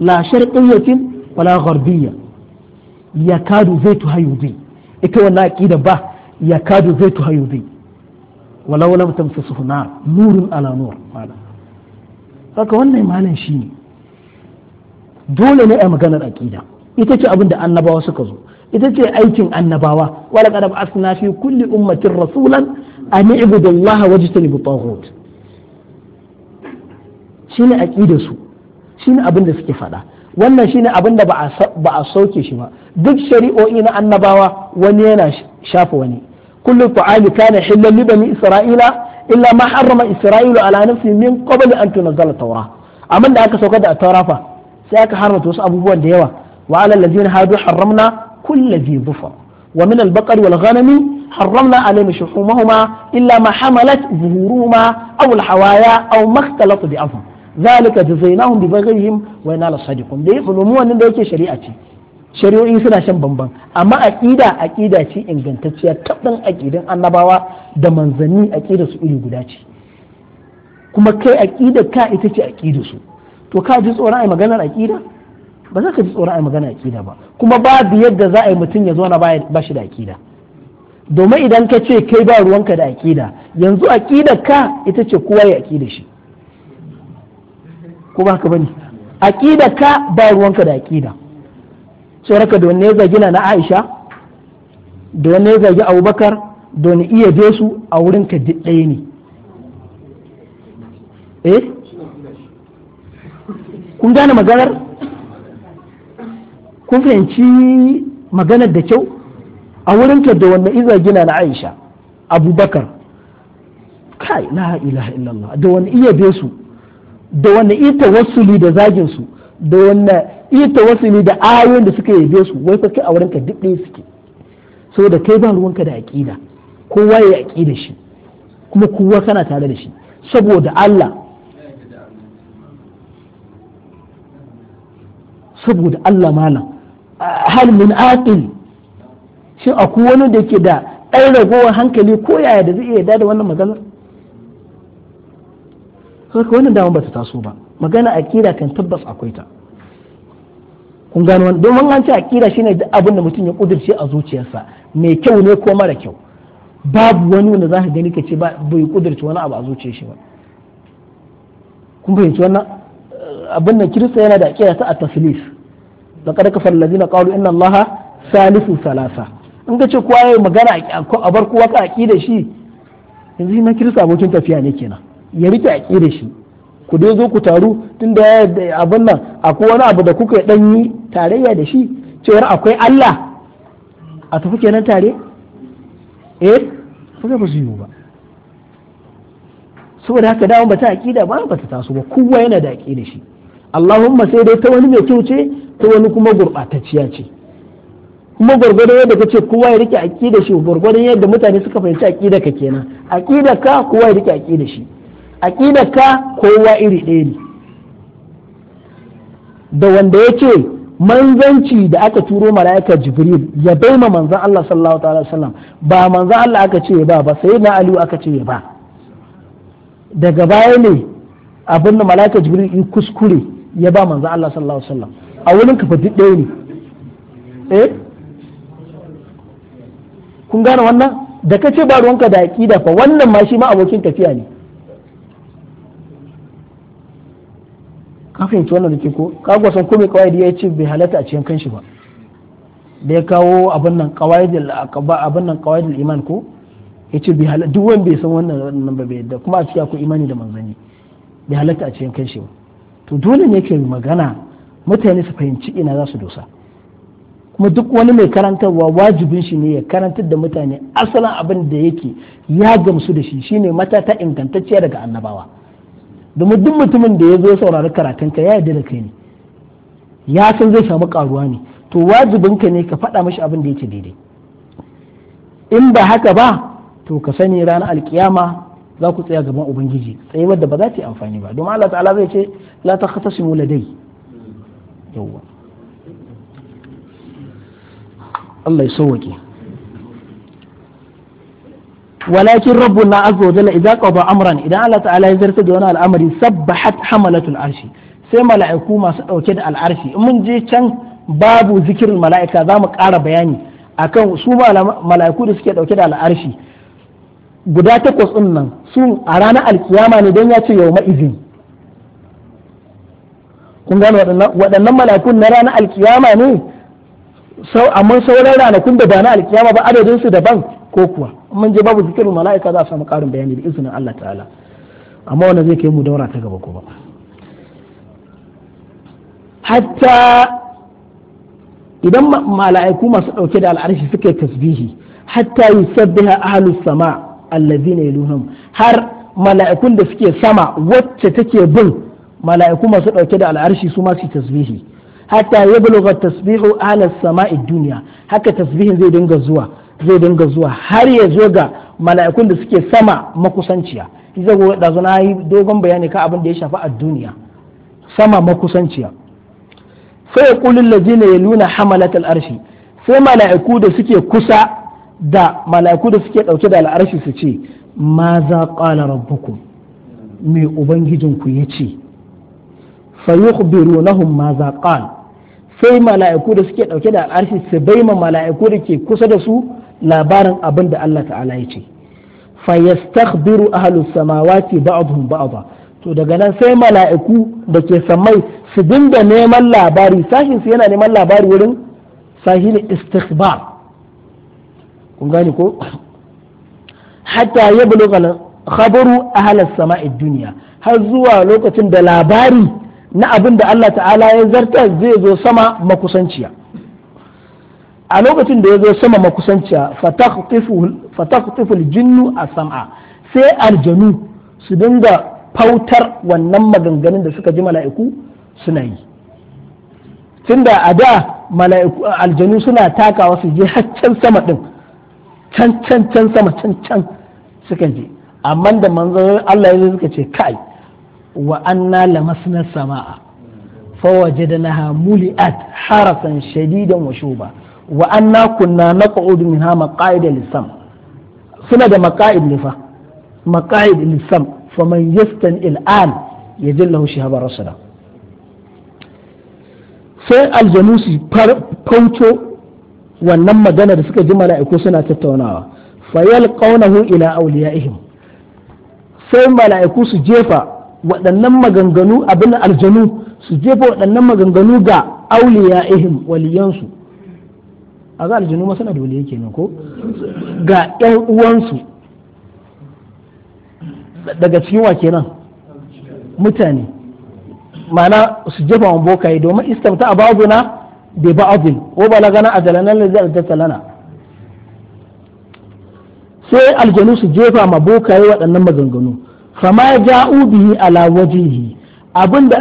لا شرقية ولا غربية يكاد زيتها يضيء إكو لا كيد با يكاد زيتها يضيء ولو لم تمسسه نار نور على نور هذا فكون ما لنشيني دول أنا أمجان الأكيدة ita ce abin da annabawa suka zo ita ce aikin annabawa wala qad ba'athna fi kulli ummatin rasulan an i'budu Allah wajtanibu taghut shine aqidar su shine abin da suke faɗa wannan shine abin da ba a sauke shi ba duk shari'o'i na annabawa wani yana shafa wani kullu ta'ali kana hillan li bani isra'ila illa ma harrama isra'ilu ala nafsi min qabli an tunzala tawra amma da aka saukar da tawra fa sai aka haramta wasu abubuwan da yawa وعلى الذين هادوا حرمنا كل ذي ظفر ومن البقر والغنم حرمنا عليهم شحومهما إلا ما حملت ظهورهما أو الحوايا أو ما اختلط بأظم ذلك جزيناهم ببغيهم وإنا لصادقون دي فنمو أن دي شريعتي shari'o'i suna shan bamban amma aƙida aƙida ce ingantacciya taɓin aƙidan annabawa da manzani aƙida su iri guda ce kuma kai aƙida ka ita ce aƙida to ka ji tsoron ai maganar aƙida ba za ka ji tsoron a magana akida ba kuma babu yadda za a yi mutum ya zo na ba shi da akida domin idan ka ce kai ba ruwanka da akida yanzu akida ka ita ce kowa ya akida shi ko ba ka bane akida ka ba ruwanka da akida tsoraka da wanne ya zagi na Aisha da wanne ya zagi Abubakar da iya je su a wurin ka ɗaya ne eh kun gane maganar kun fahimci maganar da kyau a wurin da wannan iza gina na aisha abubakar kai la ilaha illallah da wani iya be su da wani ita wasuli da zagin su da wani ita wasuli da ayoyin da suka yabe su wai kai a wurinka duk ɗaya suke saboda kai ba ruwanka da aqida kowa ya aqida shi kuma kowa kana tare da shi saboda Allah saboda Allah malam hal min aqil shin akwai wani da ke da ɗan ragowar hankali ko yaya da zai iya yarda da wannan maganar saboda wannan dama ba ta taso ba magana akida kan tabbas akwai ta kun gano wani domin an ce akida shine duk abin da mutum ya kudirce a zuciyarsa mai kyau ne ko mara kyau babu wani wanda za ka gani ka ce bai kudirce wani abu a zuciyar shi ba kun fahimci wannan abin da kirista yana da akida ta at-taslis laqad kafara alladhina qalu inna allaha salisu salasa in ka ce kowa ya magana a bar kowa ka da shi yanzu na kirista abokin tafiya ne kenan ya rike da shi ku dai zo ku taru tun tunda abin nan akwai wani abu da kuka dan yi tarayya da shi cewar akwai Allah a tafi kenan tare eh kuka ba su yi ba saboda haka dama ba ta aƙida ba ba ta taso ba kowa yana da aƙida shi Allahumma sai dai ta wani mai kyau ce ta wani kuma gurɓatacciya ce kuma gwargwadon yadda kace kowa ya rike aqida shi gwargwadon yadda mutane suka fahimci aqida ka kenan aqida ka kowa ya rike aqida shi aqida ka kowa iri ɗaya ne da wanda ya ce manzanci da aka turo mala'ika jibril ya baima manzan Allah sallallahu ta'ala wasallam ba manzan Allah aka ce ba ba sai na aliyu aka ce ba daga baya ne abin da mala'ika jibril in kuskure ya ba manzo Allah sallallahu alaihi wasallam a wurin ka duk ɗaya ne eh kun gane wannan da ka ce ba ruwanka da aqida fa wannan ma shi ma abokin tafiya ne ka fahimci wannan da ke ko ka ga san komai kawai ya ce bai halatta a cikin kanshi ba da ya kawo abin nan qawaidul aqaba abin nan qawaidul iman ko ce bai halatta duk wanda bai san wannan nan ba bai yadda kuma a cikin akwai imani da manzanni bai halatta a cikin kanshi ba to dole ne ke magana mutane su fahimci ina za su dosa kuma duk wani mai karantarwa wajibin shi ne ya karantar da mutane asalin abin da yake ya gamsu da shi shine matata ingantacciya daga annabawa domin duk mutumin da ya zo saurari karatun ka ya yarda da kai ne ya san zai samu karuwa ne to wajibin ka ne ka faɗa mashi abin da yake daidai in ba haka ba to ka sani ranar alkiyama za ku tsaya gaban ubangiji tsaye wadda ba za ta yi amfani ba domin Allah ta'ala zai ce la ta khatasimu ladai yawwa Allah ya sauwake walakin na azza wa jalla idza qada amran idan Allah ta'ala ya zarta da wani al'amari sabbahat hamalatul arshi sai mala'iku masu dauke da al'arshi in mun je can babu zikirin mala'ika za mu ƙara bayani akan su mala'iku da suke dauke da al'arshi guda takwas ɗin nan su a ranar alkiyama ne don ya ce yau ma'izin kun gano waɗannan malakun na ranar alkiyama ne amma sauran ranakun da ba na alkiyama ba adadin su daban ko kuwa mun je babu zikirin mala'ika za a samu ƙarin bayani da izinin Allah ta'ala amma wannan zai kai mu daura ta gaba ba. hatta idan mala'iku masu ɗauke da al'arshi suka yi tasbihi hatta yusabbiha ahlus sama' allazina har mala'ikun da suke sama wacce take bin mala'iku masu dauke da al'arshi su ma su tasbihi hatta yablugha tasbihu ala sama'i duniya haka tasbihin zai dinga zuwa zai dinga zuwa har ya zo ga mala'ikun da suke sama makusanciya zai go da zuna yi dogon bayani ka abin da ya shafi a duniya sama makusanciya sai ya kulin lazina ya luna hamalat al'arshi sai mala'iku da suke kusa da mala'iku da suke ɗauke da al'arshi su ce ma za ƙwala rabbukum mai ubangijinku ya ce fayukhbirunahum ma za qala sai mala'iku da suke ɗauke da al'arshi su bai ma mala'iku da ke kusa da su labarin abin da Allah ta'ala ya ce halin ahlus samawati ba'dhum ba'dha to daga nan sai mala'iku da ke samai su dinga neman labari sashin yana neman labari wurin sahili istikhbar kun gane ko hatta ya buluga khabaru halar sama'i duniya har zuwa lokacin da labari na abin da Allah ta'ala ya zarta zai zo sama makusanciya a lokacin da ya zo sama makusanciya fatakhtifu jinnu a sama sai aljanu su dinga fautar wannan maganganun da suka ji mala'iku suna yi tunda a da aljanu suna takawa su je haccan sama ɗin. can can can sama can can suka je amma da manzon Allah ya suka ce kai wa anna lamasna sama'a fawajadnaha muli'at harasan shadidan wa shuba wa anna kunna naq'udu minha maq'ida lisam suna da maq'id ne fa maq'id lisam faman yastan al'an yajillahu shihaba rasula sai aljanusi fauto wannan magana da suka ji mala'iku suna tattaunawa fayal qawnahu ila awliyaihim sai mala'iku su jefa waɗannan maganganu abin aljanu su jefa waɗannan maganganu ga awliyaihim waliyansu a ga aljanu ma suna da waliyai kenan ko ga ƴan uwansu daga cikin wa kenan mutane ma'ana su jefa wa bokaye domin istamta a babu na? bi ba'dil wa balagana ajalana allazi ta lana sai aljanu su jefa ma bokaye waɗannan maganganu fama ja'u bihi ala wajihi abinda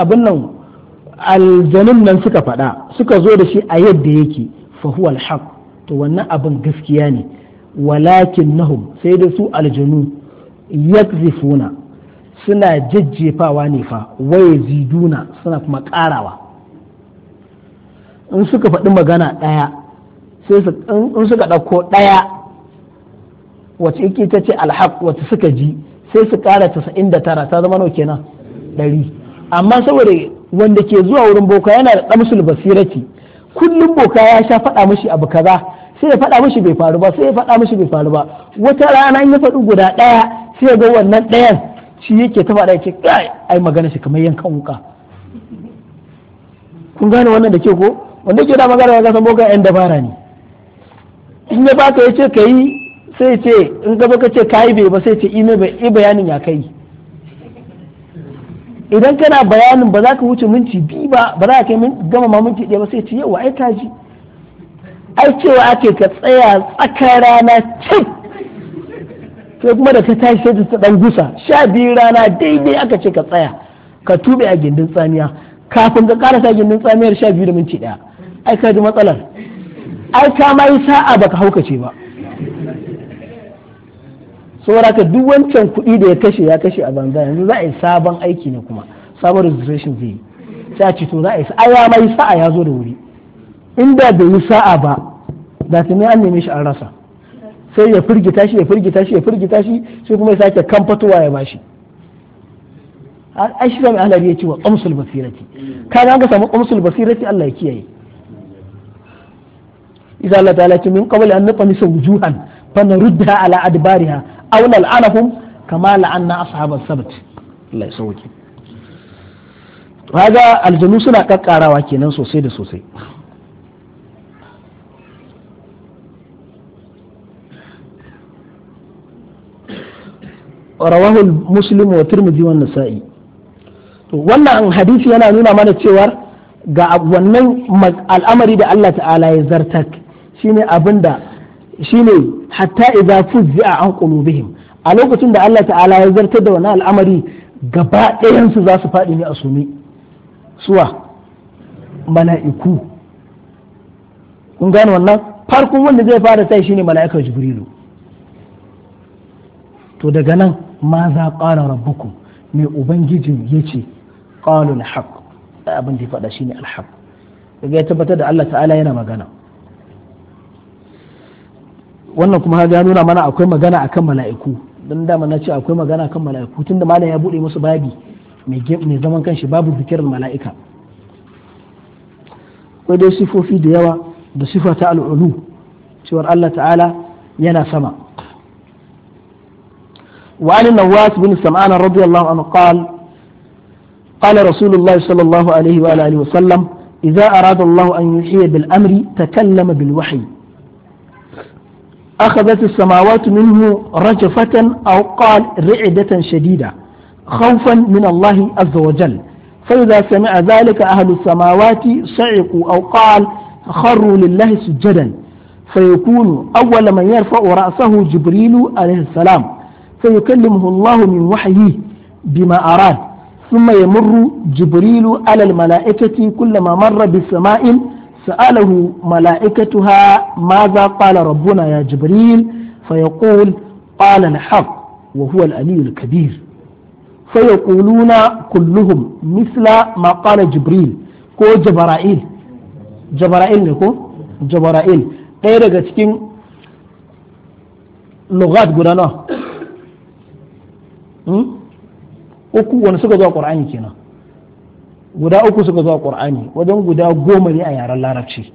abin nan Aljanun nan suka faɗa suka zo da shi a yadda yake fa huwa alhaq to wannan abin gaskiya ne walakin nahum sai da su aljanu zifuna, suna jejjefawa ne fa waye ziduna suna kuma karawa in suka faɗi magana ɗaya sai in suka ɗauko ɗaya wacce yake ta ce alhaq wacce suka ji sai su ƙara tasa'in da tara ta zama nauke kenan ɗari amma saboda wanda ke zuwa wurin boka yana da ɗamsul basirati kullum boka ya sha faɗa mishi abu kaza sai ya faɗa mishi bai faru ba sai ya faɗa mishi bai faru ba wata rana ya faɗi guda ɗaya sai ya ga wannan ɗayan shi yake ta faɗa yake ai magana shi kamar yankan wuka kun gane wannan da ke ko wanda ke da magana ya kasan boka yan dabara ne in ya baka ya ce ka yi sai ce in ka baka ce ka yi bai ba sai ce ime bai bayanin ya kai idan kana bayanin ba za ka wuce minti bi ba ba za ka yi gama ma minti ɗaya ba sai ce yawa ai ka ji ai cewa ake ka tsaya tsakar rana cik sai kuma da ka tashi sai ta dan gusa sha biyu rana daidai aka ce ka tsaya ka tube a gindin tsamiya kafin ka karasa gindin tsamiyar sha biyu da minti ɗaya ai ka ji matsalar ai ka ma yi sa'a ba ka haukace ba saboda ka duk wancan kuɗi da ya kashe ya kashe a banza yanzu za a yi sabon aiki ne kuma sabon registration zai yi sai a cito za a yi sa'a ya ma yi sa'a ya zo da wuri inda bai yi sa'a ba da ta an neme shi an rasa sai ya firgita shi ya firgita shi ya firgita shi sai kuma ya sake kan fatowa ya bashi ai shi zai mai ya ce wa qamsul basirati kana an samu qamsul basirati Allah ya kiyaye إذا الله تعالى من قبل أن نطمس وجوها فنردها على أدبارها أو نلعنهم كما لعنا أصحاب السبت الله يسويك هذا الجنوس لا كاكارا وكينا سوسي دي سوسي رواه المسلم والترمذي والنسائي wannan hadisi yana nuna mana cewar ga wannan al'amari da Allah ta'ala ya zartak shine abinda shine hatta idza fuzza an qulubihim a lokacin da Allah ta'ala ya zartar da wani al'amari gaba ɗayansu za su faɗi ne a sumi suwa mala'iku kun gane wannan farkon wanda zai fara sai shine mala'ikar jibrilu to daga nan ma za ƙara rabbukum mai ubangijin ya ce ƙalul haƙ abin da ya faɗa shine alhaƙ daga ya tabbatar da Allah ta'ala yana magana wannan kuma ya nuna mana akwai magana akan mala'iku don dama na ce akwai magana akan mala'iku tun da malam ya bude musu babi mai zaman kanshi babu zikirar mala'ika akwai dai sifofi da yawa da sifa ta al'ulu cewar Allah ta'ala yana sama وعن النواس bin سمعان رضي الله عنه قال قال رسول الله صلى الله عليه وآله وسلم إذا أراد الله أن يحيي بالأمر تكلم بالوحي أخذت السماوات منه رجفة أو قال رعدة شديدة خوفا من الله عز وجل فإذا سمع ذلك أهل السماوات صعقوا أو قال خروا لله سجدا فيكون أول من يرفع رأسه جبريل عليه السلام فيكلمه الله من وحيه بما أراد ثم يمر جبريل على الملائكة كلما مر بسماء سأله ملائكتها ماذا قال ربنا يا جبريل فيقول قال الحق وهو الألي الكبير فيقولون كلهم مثل ما قال جبريل كو جبرائيل جبرائيل نكو جبرائيل ɗaya daga cikin lugat guda nawa uku wani suka zuwa ƙwar'ani kenan guda uku suka zo a ƙur'ani wajen guda goma ne a yaren larabci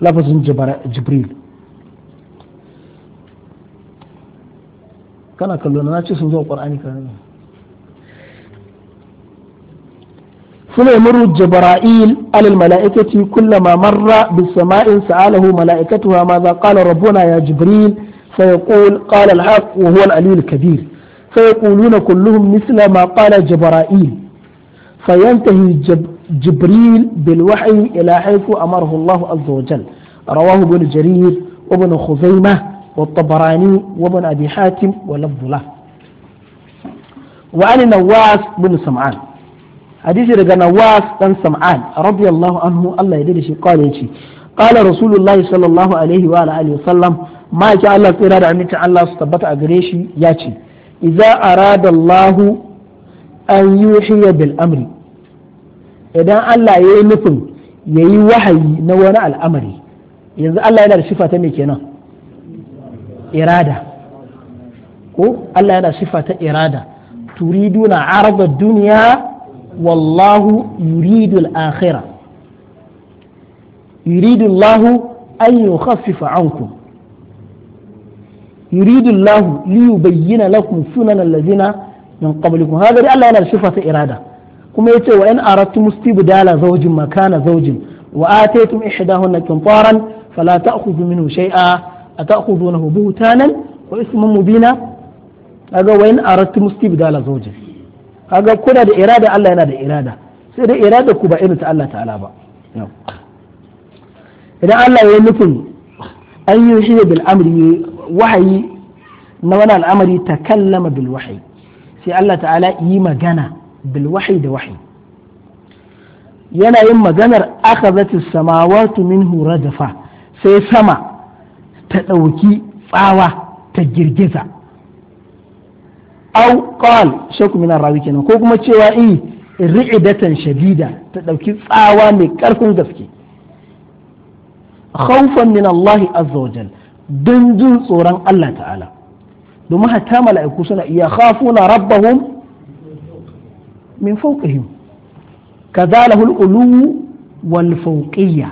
lafasin jibril kana kallo na ce sun zo a ƙur'ani kanana jibra'il alal mala'ikati kullama marra bis sama'in sa'alahu mala'ikatu wa ma za qala ya jibril sai yaqul qala al-haq wa huwa al-aliyyu al-kabir sai yaquluna kulluhum mithla ma qala jibra'il فينتهي جبريل بالوحي إلى حيث أمره الله عز وجل رواه ابن جرير وابن خزيمة والطبراني وابن أبي حاتم ولفظ له وعن نواس بن سمعان حديث رجع نواس بن سمعان رضي الله عنه الله يدري قال يشي قال رسول الله صلى الله عليه وعلى آله وسلم ما جاء الله في رادع أن الله استبت أجريشي ياتي إذا أراد الله أن يوحي بالأمر idan Allah ya yi nufin ya yi wahayi na wani al'amari yanzu Allah yana da sifa ta me kenan irada ko Allah yana sifa ta irada turiduna arada duniya wallahu yuridu al-akhirah yuridu Allah an yukhaffifa ankum يريد الله ليبين لكم سنن الذين من قبلكم هذا الله ينال صفة إرادة kuma yace wa in aradtu mustibdala zawjin makana zawjin wa ataytum ihdahunna qintaran fala ta'khudhu minhu shay'a ata'khudhunahu buhtanan wa isman mubina kaga wa in aradtu mustibdala zawjin kaga kuna da irada Allah yana da irada sai da irada ku ba irin ta Allah ta'ala ba idan Allah ya nufin an yi shi bil amri wahayi na wani al'amari ta kallama bil wahayi sai Allah ta'ala yi magana bil wahi da wahyi yana yin maganar akhadhati min hura rajfa sai sama ta ɗauki tsawa ta girgiza au qal shaku min rawi kenan ko kuma cewa i ri'idatan shadida ta ɗauki tsawa mai ƙarfin gaske khawfan min Allah azza wa don jin tsoron Allah ta'ala domin hatta mala'iku suna iya khafuna rabbahum min fawqihim kadhalahul ulu wal fawqiyya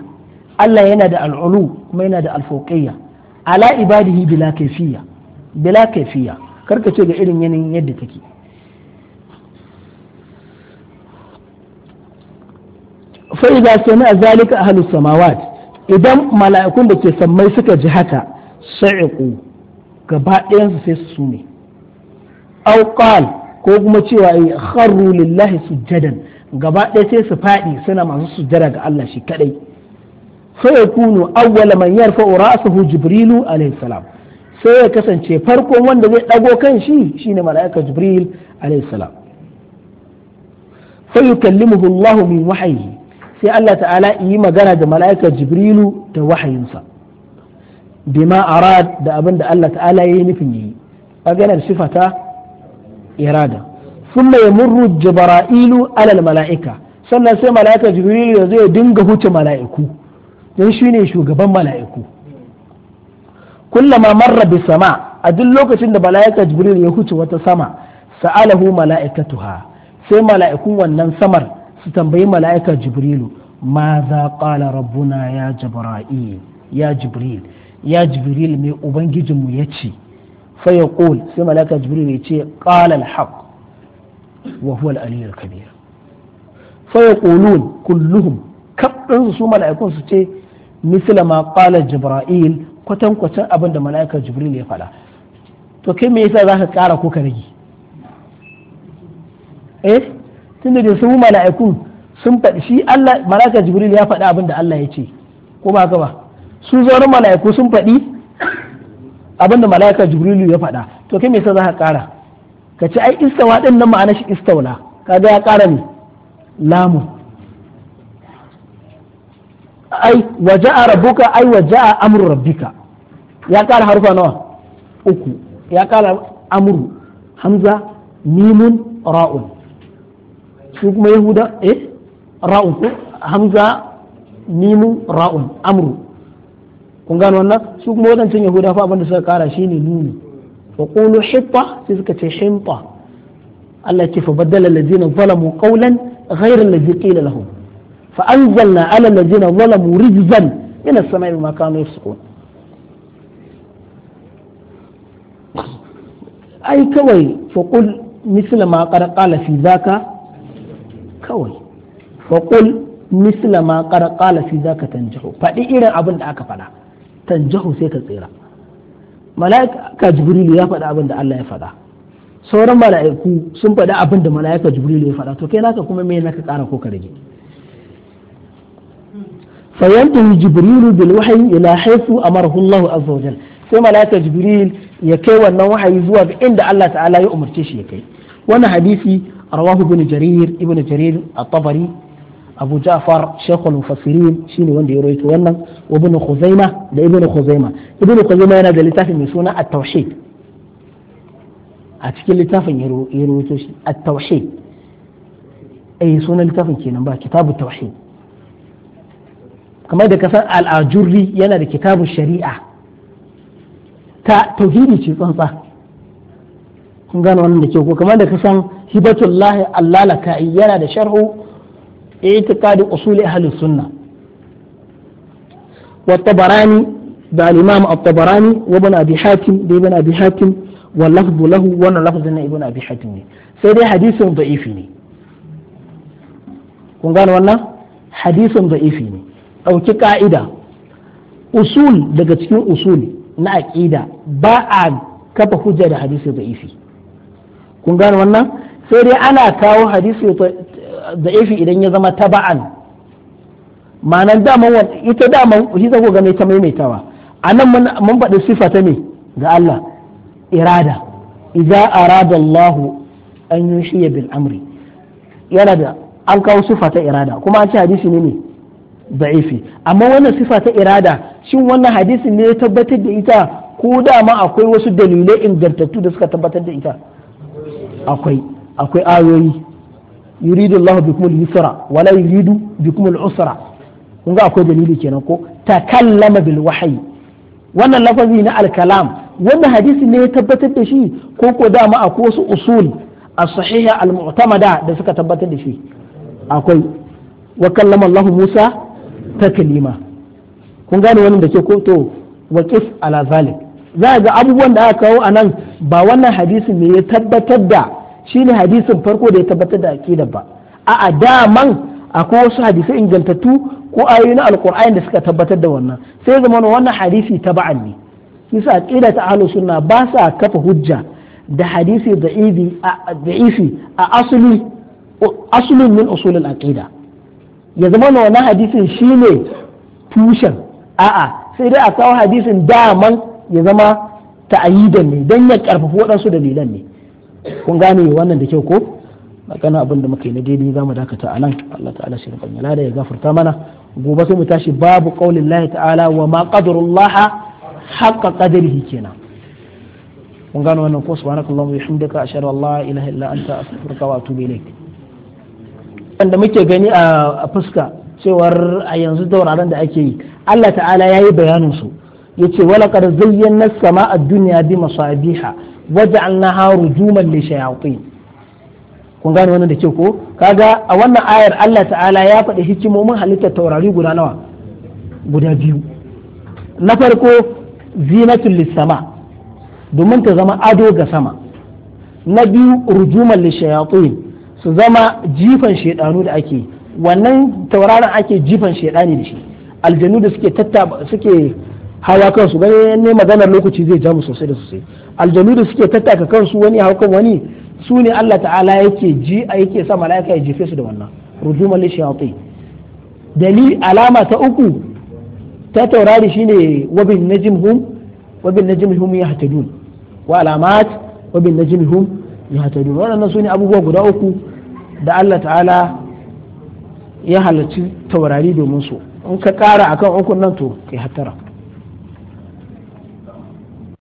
Allah yana da al'ulu kuma yana da alfauƙiyya ala ibadihi bila kaifiyya bila kaifiyya karka ce ga irin yanayin yadda take fa idza sami'a zalika ahlus idan mala'ikun da ke sammai suka ji haka sa'iqu gaba ɗayan sai su sume aw ko kuma cewa yi kharru lillahi sujjadan gaba ɗaya sai su faɗi suna masu sujjada ga Allah shi kadai fa yakunu awwala man yarfa'u ra'sahu jibrilu alayhi salam sai ya kasance farkon wanda zai ɗago kan shi shine mala'ika jibril alayhi salam fa yukallimuhu Allah min wahyihi sai Allah ta'ala yi magana da mala'ika jibrilu da wahayinsa bima arad da abin da Allah ta'ala yayi nufin yi maganar sifata irada thumma murru jibra'ilu alal mala'ika sannan sai mala'ika jibrilu yanzu ya dinga huce mala'iku don shine shugaban mala'iku kullama marra bi sama a duk lokacin da mala'ika jibril ya huce wata sama sa'alahu mala'ikatuha sai mala'ikun wannan samar su tambayi mala'ika jibrilu ma za qala rabbuna ya jibril ya jibril ya jibril mai ubangijinmu ya ce fa yaqul sai malaka jibril ya ce qala al-haq wa huwa al-aliyyul kabir fa yaqulun kulluhum kabdan su mala'ikun su ce misla ma qala jibril kwatan kwatan abin da mala'ika jibril ya faɗa to kai me yasa za ka ƙara ko ka rage eh tunda da su mala'ikun sun faɗi shi Allah mala'ika jibril ya faɗi abinda Allah ya ce ko ba ka ba su zauren mala'iku sun faɗi da mala'ika jibrilu ya faɗa to kai me yasa za ka ƙara ka ce ai istawa din nan ma'ana shi istawla kaga ya ƙara ne lamu ai waja'a rabbuka ai waja'a amru rabbika ya ƙara harfa nawa uku ya ƙara amru hamza mimun ra'un su kuma yahuda eh ra'un hamza mimun ra'un amru kun gano wannan su kuma waɗancan yahuda fa abinda suka kara shi ne nuni fa qulu hitta sai suka ce himta Allah ce fa baddala allazina zalamu qawlan ghayra allazi qila lahum fa an anzalna ala allazina zalamu rijzan min as-sama'i bima kanu yafsukun ai kawai fa qul misla ma qad qala fi zaka kawai fa qul misla ma qad qala fi zaka tanjahu faɗi irin abin da aka faɗa tanjahu sai ka tsira mala'ika jibrilu ya faɗa abin da Allah ya faɗa sauran mala'iku sun faɗa abin da mala'ika jibrilu ya faɗa to kai naka kuma me naka ƙara ko ka rage fa yantahi jibrilu bil wahyi ila haythu amarahu Allah azza wajal sai mala'ika jibril ya kai wannan wahayi zuwa ga inda Allah ta'ala ya umarce shi ya kai wannan hadisi rawahu ibn jarir ibn jarir at-tabari abu ja'far shaykhul mufassirin shine wanda ya rawaito wannan wa ibn khuzaima da ibn khuzaima ibn khuzaima yana da littafin mai suna at-tauhid a cikin littafin ya rawaito shi at-tauhid eh sunan littafin kenan ba kitabu tauhid kamar da kasan al-ajurri yana da kitabu shari'a ta tauhidi ce tsantsa kun gano wannan da ke ko kamar da ka kasan hibatullah allalaka'i yana da sharhu i'tiqad usul ahli sunnah wa tabarani da al-imam at-tabarani wa ibn abi hatim da ibn abi hatim wa lafzu lahu wa lafzu na ibn abi hatim ne sai dai hadisin da'ifi ne kun gane wannan hadisin da'ifi ne dauki ka'ida usul daga cikin usul na aqida ba a kafa hujja da hadisi da'ifi kun gane wannan sai dai ana kawo hadisi Za'ifi idan ya zama taba'an ma'anan daman ita daman shi zago game ta maimaitawa a nan mun faɗi sifa ta ne ga Allah irada idza arada Allah an yushiya bil amri yana da an kawo sifa ta irada kuma an ce hadisi ne ne da'ifi amma wannan sifa ta irada shi wannan hadisi ne ya tabbatar da ita ko dama akwai wasu dalilai ingantattu da suka tabbatar da ita akwai akwai ayoyi yuridu Allah bikum al-yusra wa la yuridu usra kun ga akwai dalili kenan ko takallama bil wahyi wannan lafazi na al-kalam wannan hadisi ne ya tabbatar da shi ko ko dama akwai wasu usul as-sahiha al-mu'tamada da suka tabbatar da shi akwai wa kallama Allah Musa taklima kun gane wannan da ke ko to waqif ala zalik za ga abubuwan da aka kawo anan ba wannan hadisin ne ya tabbatar da ne hadisin farko da ya tabbatar da aƙidar ba a'a daman akwai wasu hadisai ingantattu ko ayoyi na alƙur'ani da suka tabbatar da wannan sai zama wannan hadisi ta ba'an ne kisa aƙida ta ahlus sunna ba sa kafa hujja da hadisi da ifi a asulin min usulin al-aqida ya zama wannan hadisin shine tushen a'a sai dai a kawo hadisin daman ya zama ta'ayidan ne don ya karfafi waɗansu dalilan ne kun gane wannan da kyau ko magana abin da muka yi na daidai za mu dakata a nan Allah ta'ala shi rubanya lada ya gafarta mana gobe sai mu tashi babu qaulin lahi ta'ala wa ma qadarullah haqqa qadarihi kenan kun gane wannan ko subhanakallahumma wa bihamdika ashhadu an la ilaha illa anta astaghfiruka wa atubu ilaik da muke gani a fuska cewar a yanzu tauraron da ake yi Allah ta'ala ya yi bayanin su yace wala zayyana as-sama'a ad-dunya bi masabiha waja'alnaha rujuman li shayatin kun gane wannan da ke ko kaga a wannan ayar Allah ta'ala ya faɗi hikimomin halittar taurari guda nawa guda biyu na farko zinatul lissama domin ta zama ado ga sama na biyu rujuman li shayatin su zama jifan shedanu da ake wannan tauraron ake jifan shedani da shi aljanu da suke tattaba suke hawa kansu ganin ne maganar lokaci zai jamu sosai da sosai aljanu da suke tattaka kansu wani haukan wani su ne Allah ta'ala yake ji a yake sa mala'ika ya jefe su da wannan rujuma li shayatin dali alama ta uku ta taurari shine wabin najmhum wabin najmhum yahtadun wa alamat wabin hata yahtadun wannan su ne abubuwa guda uku da Allah ta'ala ya halarci taurari domin su in ka kara akan uku nan to kai hatara